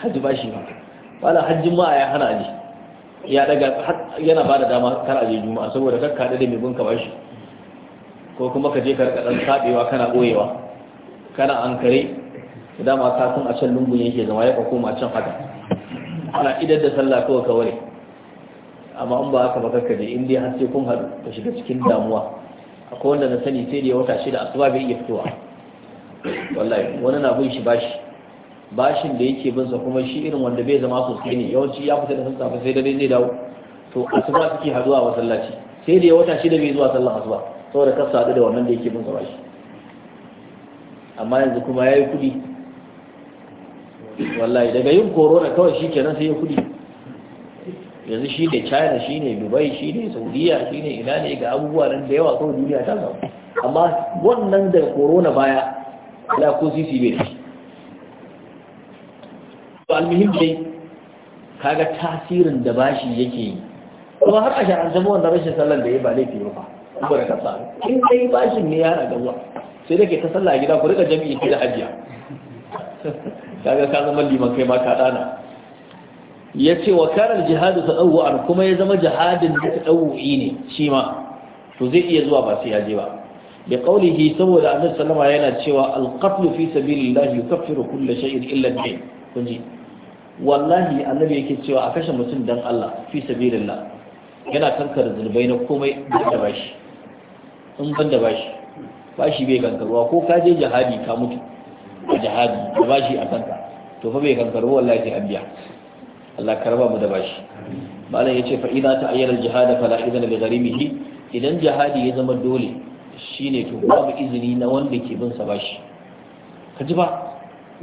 haji ba shi ba wala hajjin ma ya hana aji ya daga yana ba da dama kar a je juma'a saboda kakka da da mai bunka ba shi ko kuma ka je karka dan sabewa kana boyewa kana Da dama ka san a can lungun yake zama ya koma can haka ana idar da sallah kawai ka ware amma an ba haka ba kakka je in dai har sai kun haɗu ka shiga cikin damuwa akwai wanda na sani sai da ya wata shida asuba bai iya fitowa wallahi wani na bin shi bashi bashin da yake bin sa kuma shi irin wanda bai zama sosai ne yawanci ya fita da san safa sai dare zai dawo to asuba suke haduwa a masallaci sai da ya wata shida bai zuwa sallan asuba saboda kar su haɗu da wannan da yake bin sa bashi amma yanzu kuma ya yi wallahi daga yin korona kawai shi kenan sai ya kudi yanzu shi ne china shi ne dubai shi ne saudiya shi ne ina ne ga abubuwa nan da yawa kawai duniya ta samu amma wannan da korona baya ala ko sisi bai shi to almuhim dai kaga tasirin da bashi yake yi kuma har a sha'an zama wanda rashin sallar da ya ba laifi ba kuma da kasa in dai bashin ne ya raga zuwa sai da ke ta sallah gida ku rika jami'i ki da ajiya kaga ka zama liman kai ma ka dana ya ce wa karar jihadu ta ɗauwa kuma ya zama jihadin da ta ɗauwa'i ne shi ma to zai iya zuwa ba sai ya je ba da kaulihi saboda annabi sallama yana cewa alqatlu fi sabilillah yukaffiru kulli shay'in illa dayn kunji wallahi annabi yake cewa a kashe mutum dan Allah fi sabilillah yana kankar zulbai na komai da bashi in ban da bashi bashi bai kankarwa ko ka je jihadi ka mutu a jihadi da bashi a kanka to fa bai kankarwa wallahi sai an biya Allah ka raba mu da bashi malam yace fa idza ta'ayyana al-jihad fala idana li gharimihi idan jihadi ya zama dole Shi ne to babu izini na wanda ke bin sa bashi ka ji ba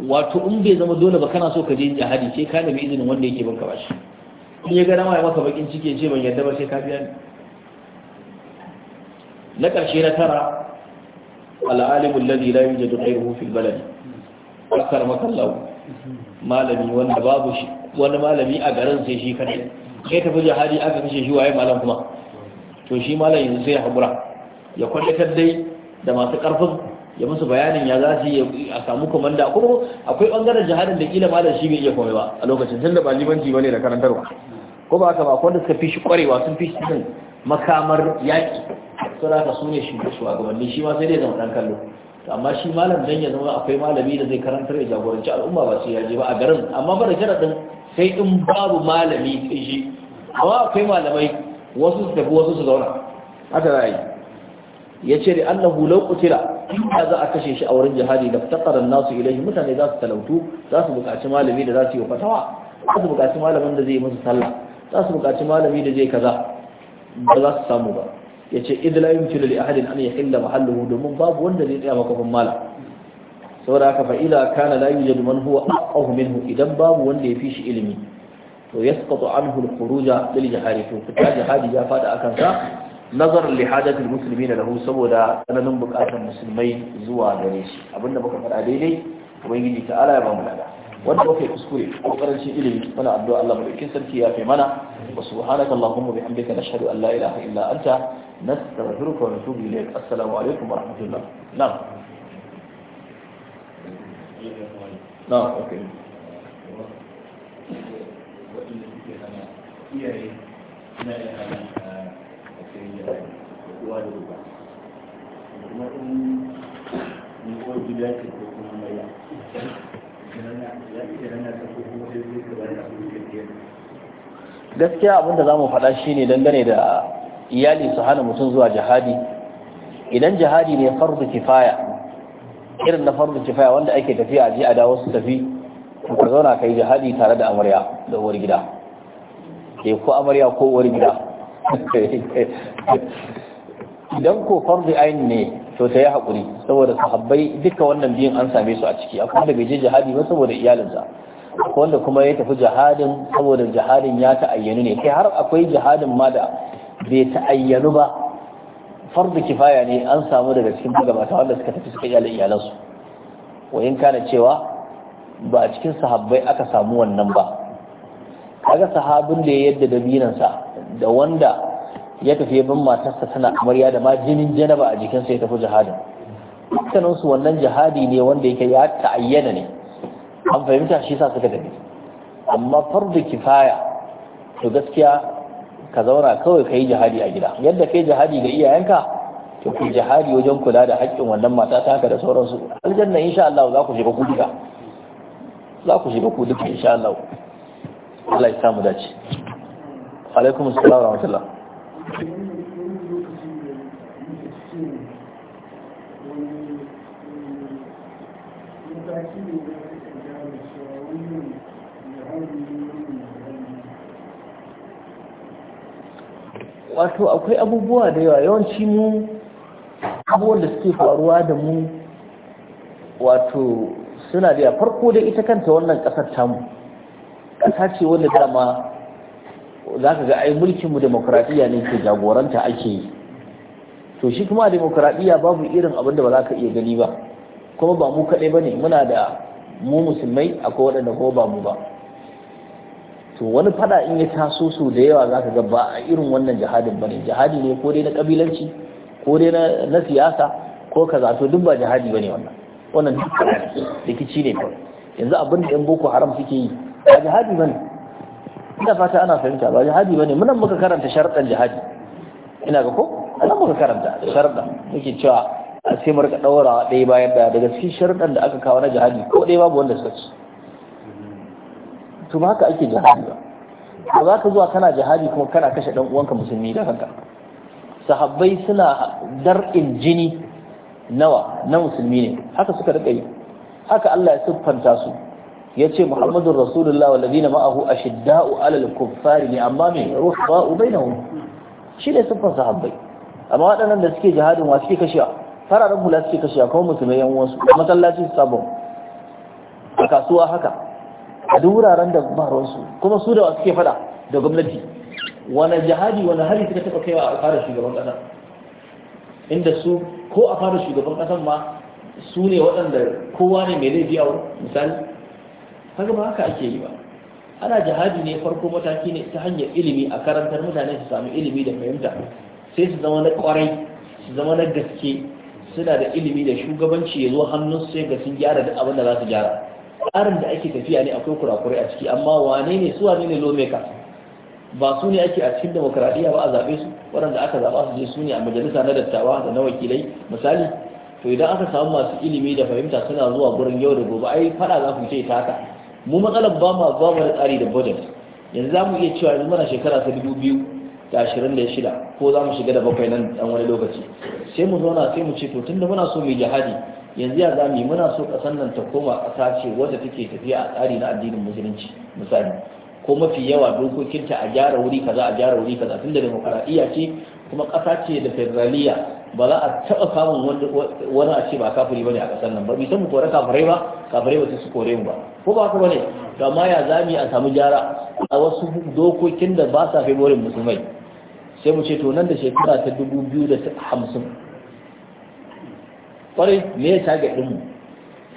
wato in bai zama dole ba kana so ka je jihadi sai ka nemi izinin wanda yake bin ka bashi in ya ga dama ya maka bakin ciki ce ban yarda ba sai ka biya ni na ƙarshe na tara al'alimu alladhi la yujadu ghayruhu fil balad akthar makallahu malami wanda babu shi wani malami a garin sai shi kadai Kai tafi jihadi aka kashe shi waye malam kuma to shi malam yanzu sai ya haƙura ya kwadatar dai da masu karfin ya musu bayanin ya za su yi a samu komanda kuma akwai bangaren jihadin da kila malam shi bai iya komai ba a lokacin tunda ba limanci ne da karantarwa ko ba ka ba da suka fi shi kwarewa sun fi shi makamar su za ka sune shi shugabanni shi ma sai dai zama ɗan kallo amma shi malam zan ya zama akwai malami da zai karantar ya jagoranci al'umma ba su ya ba a garin amma ba da ɗin, sai in babu malami sai shi amma akwai malamai wasu su tafi wasu su zauna haka za a yi ya ce da annahu law qutila inda za a kashe shi a wurin jihadi da fataqara nasu ilaihi mutane za su talautu za su buƙaci malami da za su yi fatawa za su buƙaci malamin da zai yi musu sallah za su buƙaci malami da zai kaza ba za su samu ba ya ce idla yumkinu li ahadin an ya yahilla mahalluhu domin babu wanda zai tsaya makafin malam saboda haka fa ila kana la yujad man huwa aqahu minhu idan babu wanda ya fi shi ilimi to yasqatu anhu al-khuruja lil jihadi to fita jihadi ya fada akan sa nazar lihadatul musulmi da lahu saboda tsananin bukatar musulmai zuwa gare shi abinda muka faɗa daidai ubangiji ta ala ya ba mu lada wanda muka yi kuskure ko karanci ilimi muna addu'a Allah mu dauki sarki ya fi mana wa subhanaka allahumma bihamdika nashhadu an la ilaha illa anta nastaghfiruka wa natubu ilayk assalamu alaikum wa rahmatullah na'am na'am okay iyaye na gaskiya abin da za mu faɗa shi ne dangane da iyali su hana mutum zuwa jihadi idan jihadi ne farzu kifaya irin na farzu kifaya wanda ake tafi a ji a dawo su tafi ka zauna ka yi jihadi tare da amarya da uwar gida ke eh, ko amarya ko uwar gida *laughs* idan ko farzi ayin ne to ta yi haƙuri saboda sahabbai duka wannan biyun an same su a ciki akwai da bai je jihadi ba saboda iyalinsa akwai wanda kuma ya tafi jihadin saboda jihadin ya ta'ayyanu ne kai har akwai jihadin ma da bai ta'ayyanu ba fardu kifaya ne an samu daga cikin mata wanda suka tafi suka iyalin iyalansu wayin kana cewa ba a cikin sahabbai aka samu wannan ba kaga sahabin da ya yadda dabinansa da wanda ya tafi bin matarsa tana amarya da ma jinin janaba a jikinsa ya tafi jihadin su wannan jihadi ne wanda yake ya ta'ayyana ne an fahimta shi sa suka tafi amma fardu kifaya to gaskiya ka zauna kawai ka yi jihadi a gida yadda kai jihadi ga iyayenka to ku jihadi wajen kula da haƙƙin wannan mata ta haka da sauransu aljanna insha Allah za ku shiga ku duka za ku shiga ku duka insha Allah Allah ya samu dace alaikum assalam wa rahmatullah wato akwai abubuwa da yawa yawanci mu abubuwan da suke faruwa da mu wato suna da farko da ita kanta wannan kasar tamu ƙasa ce wanda dama za ka ga ai mulkinmu demokuraɗiyya ne ke jagoranta ake yi to shi kuma demokuraɗiyya babu irin abin da ba za ka iya gani ba kuma ba mu kaɗai ba ne muna da mu musulmai akwai waɗanda kuma ba mu ba to wani fada in ya taso su da yawa za ka ga ba a irin wannan jihadin ba ne jihadi ne ko dai na ƙabilanci ko dai na siyasa ko kaza to duk ba jihadi ba ne wannan wannan duk rikici ne kawai yanzu abinda da 'yan boko haram suke yi ba jihadi bane ina fata ana fahimta ba jihadi bane munan muka karanta sharadan jihadi ina ga ko nan muka karanta sharadan yake cewa a sai murka daura daurawa ɗaya bayan daya, daga cikin sharadan da aka kawo na jihadi ko ɗaya babu wanda suka ci to ba haka ake jihadi ba ba za ka zuwa kana jihadi kuma kana kashe ɗan uwanka musulmi da kanka sahabbai suna dar'in jini nawa na musulmi ne haka suka rika yi haka Allah ya siffanta su Ya ce muhammadur rasulullah wa ladina ma'ahu ashidda'u 'alal kuffari ne amma mai me ruhba'u bainahum shi ne sun fasa sahabbai amma waɗannan da suke jihadin wa suke kashewa fararen hula suke kashewa kawai musulmai yan wasu masallaci sabon a kasuwa haka a duk wuraren da ba ruwansu kuma su da wa suke faɗa da gwamnati wani jihadi wani hari suka taɓa kaiwa a fara shugaban ƙasa inda su ko a fara shugaban ƙasan ma su ne waɗanda kowa ne mai laifi a misali kaga ba haka ake yi ba ana jihadi ne farko mataki ne ta hanyar ilimi a karantar mutane su samu ilimi da fahimta sai su zama na kwarai su zama na gaske suna da ilimi da shugabanci ya zo hannun sai ga sun gyara da abin da za su gyara tsarin da ake tafiya ne akwai kurakurai a ciki amma wane ne su wane ne lomeka ba su ne ake a cikin demokradiyya ba a zaɓe su waɗanda aka zaɓa su je su ne a majalisa na dattawa da na wakilai misali to idan aka samu masu ilimi da fahimta suna zuwa gurin yau da gobe ai faɗa za ku ce ta haka mu matsalar ba mu ba mu da tsari da budget yanzu za mu iya cewa yanzu muna shekara ta dubu biyu da ashirin da shida ko za mu shiga da bakwai nan dan wani lokaci sai mu zauna sai mu ce to tunda muna so mu yi jihadi yanzu ya za muna so ƙasar nan ta koma ƙasa ce wadda take tafiya a tsari na addinin musulunci misali ko mafi yawa dokokinta a gyara wuri kaza a gyara wuri kaza tunda demokradiyya ce kuma ƙasa ce da federaliya ba za a taɓa samun wani a ce ba kafiri ne a ƙasar nan ba bisan mu kore kafirai ba kafirai ba su su kore mu ba ko ba haka ne? to amma ya zami a samu gyara a wasu dokokin da ba sa favorin musulmai sai mu ce to nan da shekara ta dubu biyu da hamsin kwarai me ya ta ɗin mu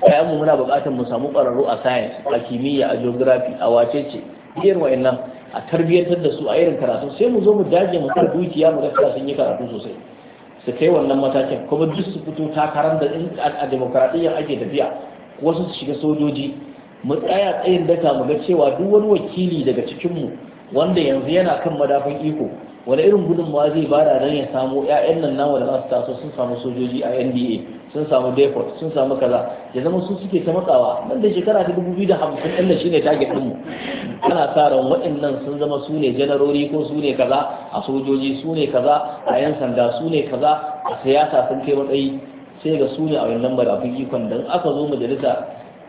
kayan mu muna buƙatar mu samu ƙwararru a science a kimiyya a geography a wace ce irin wa'annan a tarbiyyantar da su a irin karatu sai mu zo mu daje mu kar dukiya mu ga sun yi karatu sosai su kai wannan matakin kuma duk su fito takarar da in a demokaradiyyar ake tafiya wasu su shiga sojoji mu tsaya tsayin daka mu ga cewa duk wani wakili daga cikinmu wanda yanzu yana kan madafin iko wani irin gudunmawa zai bada don ya samu 'ya'yan nan namu da za su taso sun samu sojoji a NDA sun samu deport sun samu kaza ya zama su suke ta matsawa nan da shekara ta dubu biyu da hamsin ɗan da shi ne target ɗinmu ana sa ran waɗannan sun zama su ne janarori ko su ne kaza a sojoji su ne kaza a yan sanda su ne kaza a siyasa sun kai matsayi sai ga su ne a wannan a abin ikon don aka zo majalisa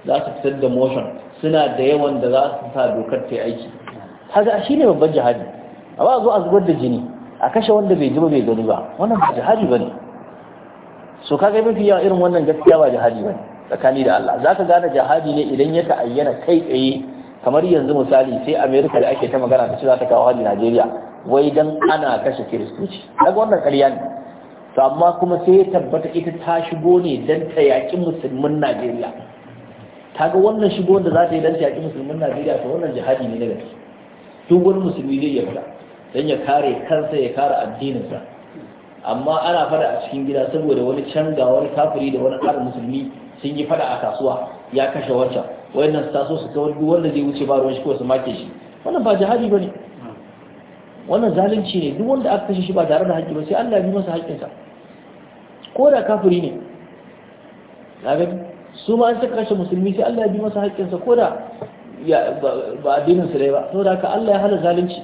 za su fitar da motion suna da yawan da za su sa dokar ta aiki kaga shi ne babban jihadi a ba zo a zubar da jini a kashe wanda bai zuba bai gani ba wannan ba jihadi ba ne so ga mafi yawa irin wannan gaskiya ba jihadi ba ne tsakani da Allah za ka gane jihadi ne idan ya ta'ayyana kai tsaye kamar yanzu misali sai amerika da ake ta magana ta ce za ta kawo hajji najeriya wai dan ana kashe kiristoci daga wannan karya ne to amma kuma sai ya tabbata ita ta shigo ne dan ta yaƙi musulmin najeriya ta ga wannan shigo da za ta yi dan ta yaƙi musulmin najeriya to wannan jihadi ne na gaske duk wani musulmi zai yi fada don ya kare kansa ya kare addininsa amma ana fada a cikin gida saboda wani canza wani kafiri da wani ƙarin musulmi sun yi fada a kasuwa ya kashe wancan wayannan su taso su kawar duk wanda zai wuce ba ruwan shi ko su make shi wannan ba jihadi bane wannan zalunci ne duk wanda aka kashe shi ba tare da haƙƙi ba sai Allah ya bi masa haƙƙinsa ko da kafiri ne na gani su ma an saka kashe musulmi sai Allah ya bi masa haƙƙinsa ko da ba addinin su dai ba saboda haka Allah ya hana zalunci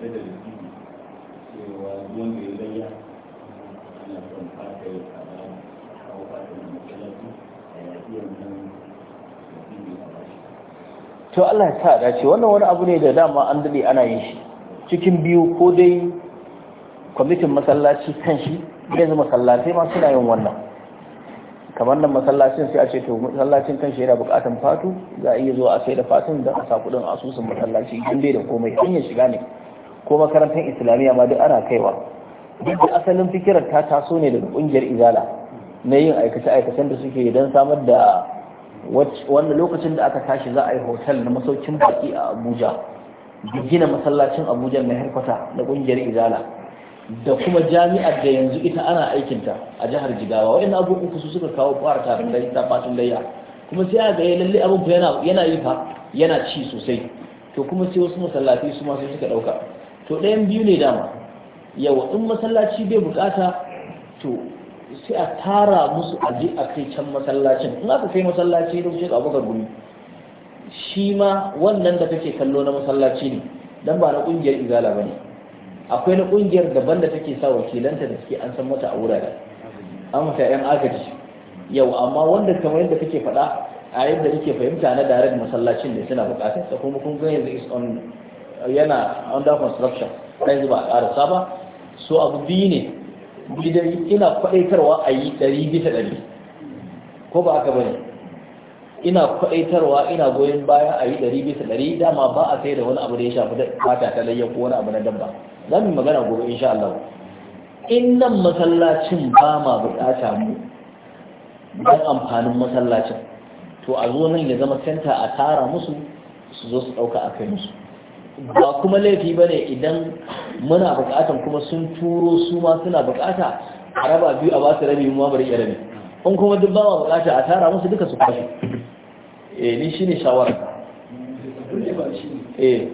tare da rikini cewa ya son fata ya kama kawo fata da a yaƙiyar nan to Allah ya sa dace wannan wani abu ne da dama an dade ana yin shi cikin biyu ko dai kwamitin masallaci kan shi yanzu masallaci ma suna yin wannan kamar nan masallacin sai a ce to masallacin kan shi yana bukatan fatu za a iya zuwa a sai da fatun da a sa kudin asusun masallaci in dai da komai hanyar shiga ne ko makarantar islamiyya ma duk ana kaiwa duk da asalin fikirar ta taso ne daga kungiyar izala na yin aikace-aikacen da suke don samar da wannan lokacin da aka tashi za a yi hotel na masaukin baki a abuja da gina masallacin abuja na harkwata na kungiyar izala da kuma jami'ar da yanzu ita ana aikinta a jihar jigawa wa'in abubuwan su suka kawo fara tarin da ta fatin layya kuma sai a gaya lalle abubuwa yana yi fa yana ci sosai to kuma sai wasu masallaci su ma sai suka ɗauka to ɗayan biyu ne dama yawa in masallaci bai bukata to sai a tara musu aje a kai can masallacin in aka kai masallaci da shi abu ga gumi shi ma wannan da kake kallo na masallaci ne dan ba na kungiyar izala ne, akwai na kungiyar daban da take sa wakilanta da suke an san mata a wurare an mata yan agaji yau amma wanda kamar yadda kake faɗa a yadda nake fahimta na direct masallacin da suna bukatar sa kuma kun yanzu is on yana under construction kai ba a ƙarasa ba so abu biyu ne bidai ina kwaɗaitarwa a yi ɗari bisa ɗari ko ba aka bane ina kwaɗaitarwa ina goyon baya a yi ɗari bisa ɗari dama ba a sai da wani abu da ya shafi fata ta layya ko wani abu na dabba za mu magana gobe insha Allah in nan masallacin ba ma buƙata mu don amfanin masallacin to a zo nan ya zama center a tara musu su zo su ɗauka a kai musu ba kuma laifi ba ne idan muna bukatan kuma sun turo su ma suna bukata a raba biyu a ba su rabi ma bari ya rabi in kuma duk ba ma bukata a tara musu duka su kwashe eh ni shine shawara eh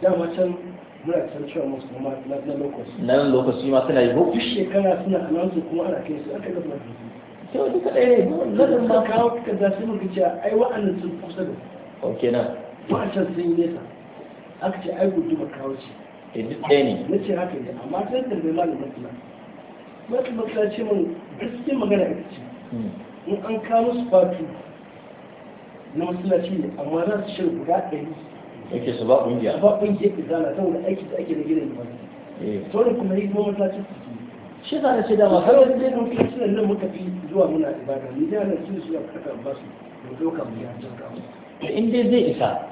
dama can muna san cewa musu kuma na lokaci na lokaci ma suna yi ko duk shekara suna su kuma ana kai su aka ga ba to duka ɗaya ne zan ba kawo ka su mu kici ai wa'annan sun kusa da ok na wa'annan sun yi nesa aka ce ai gudu ba kawo ce eh na ce haka ne amma sai da mai malamin masala malamin masala ce min gaskiyar magana ita ce hmm. in an kawo su fatu na masallaci ne amma za su shirin guda ɗari yake su ba ƙungiya ba ƙungiya ke zana saboda aiki da ake da gidan ba sauran kuma yi kuma masallacin su shi za ce dama har wani zai mun fi sunan nan muka fi zuwa muna ibada ni da nan sun su ya karɓa ba su mu ɗauka mu yi a can eh. in dai zai isa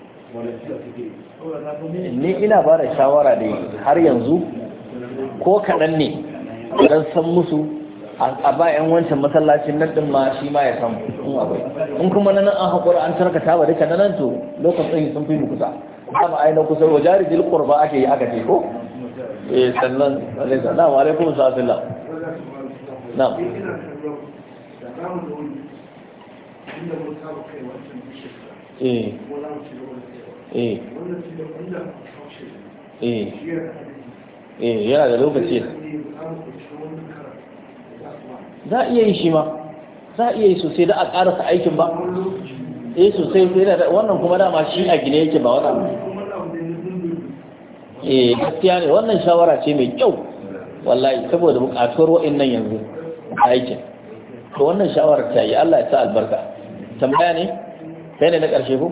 ni ina ba da shawara ne har yanzu ko kaɗan ne don san musu a ba 'yan wancan masallacin nan ɗin ma shi ma ya samu in akwai in kuma na nan an haƙura an tarkata ba duka na nan to lokacin sun fi kusa ba ma aina kusa jari dil qurba ake yi aka ce ko eh sannan alaikum na wa alaikum assalam na eh Eh. Eh. eh yana da lokaci za a iya yi shi ma za a iya yi sosai da a karasa aikin ba eh sosai wannan kuma dama shi a gine yake ba wata eh gaskiya ne wannan shawara ce mai kyau wallahi saboda bukatuwar wa'annan yanzu aikin to wannan shawarar ta yi Allah ya sa albarka tambaya ne kai ne na ƙarshe ko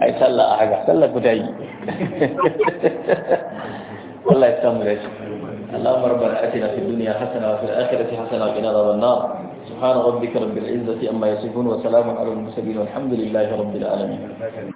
ai sallah a haka sallah guda yi Allah ya samu اللهم ربنا اتنا في الدنيا حسنه وفي الاخره حسنه وقنا عذاب النار سبحان ربك رب العزه أما يصفون وسلام على المرسلين والحمد لله رب العالمين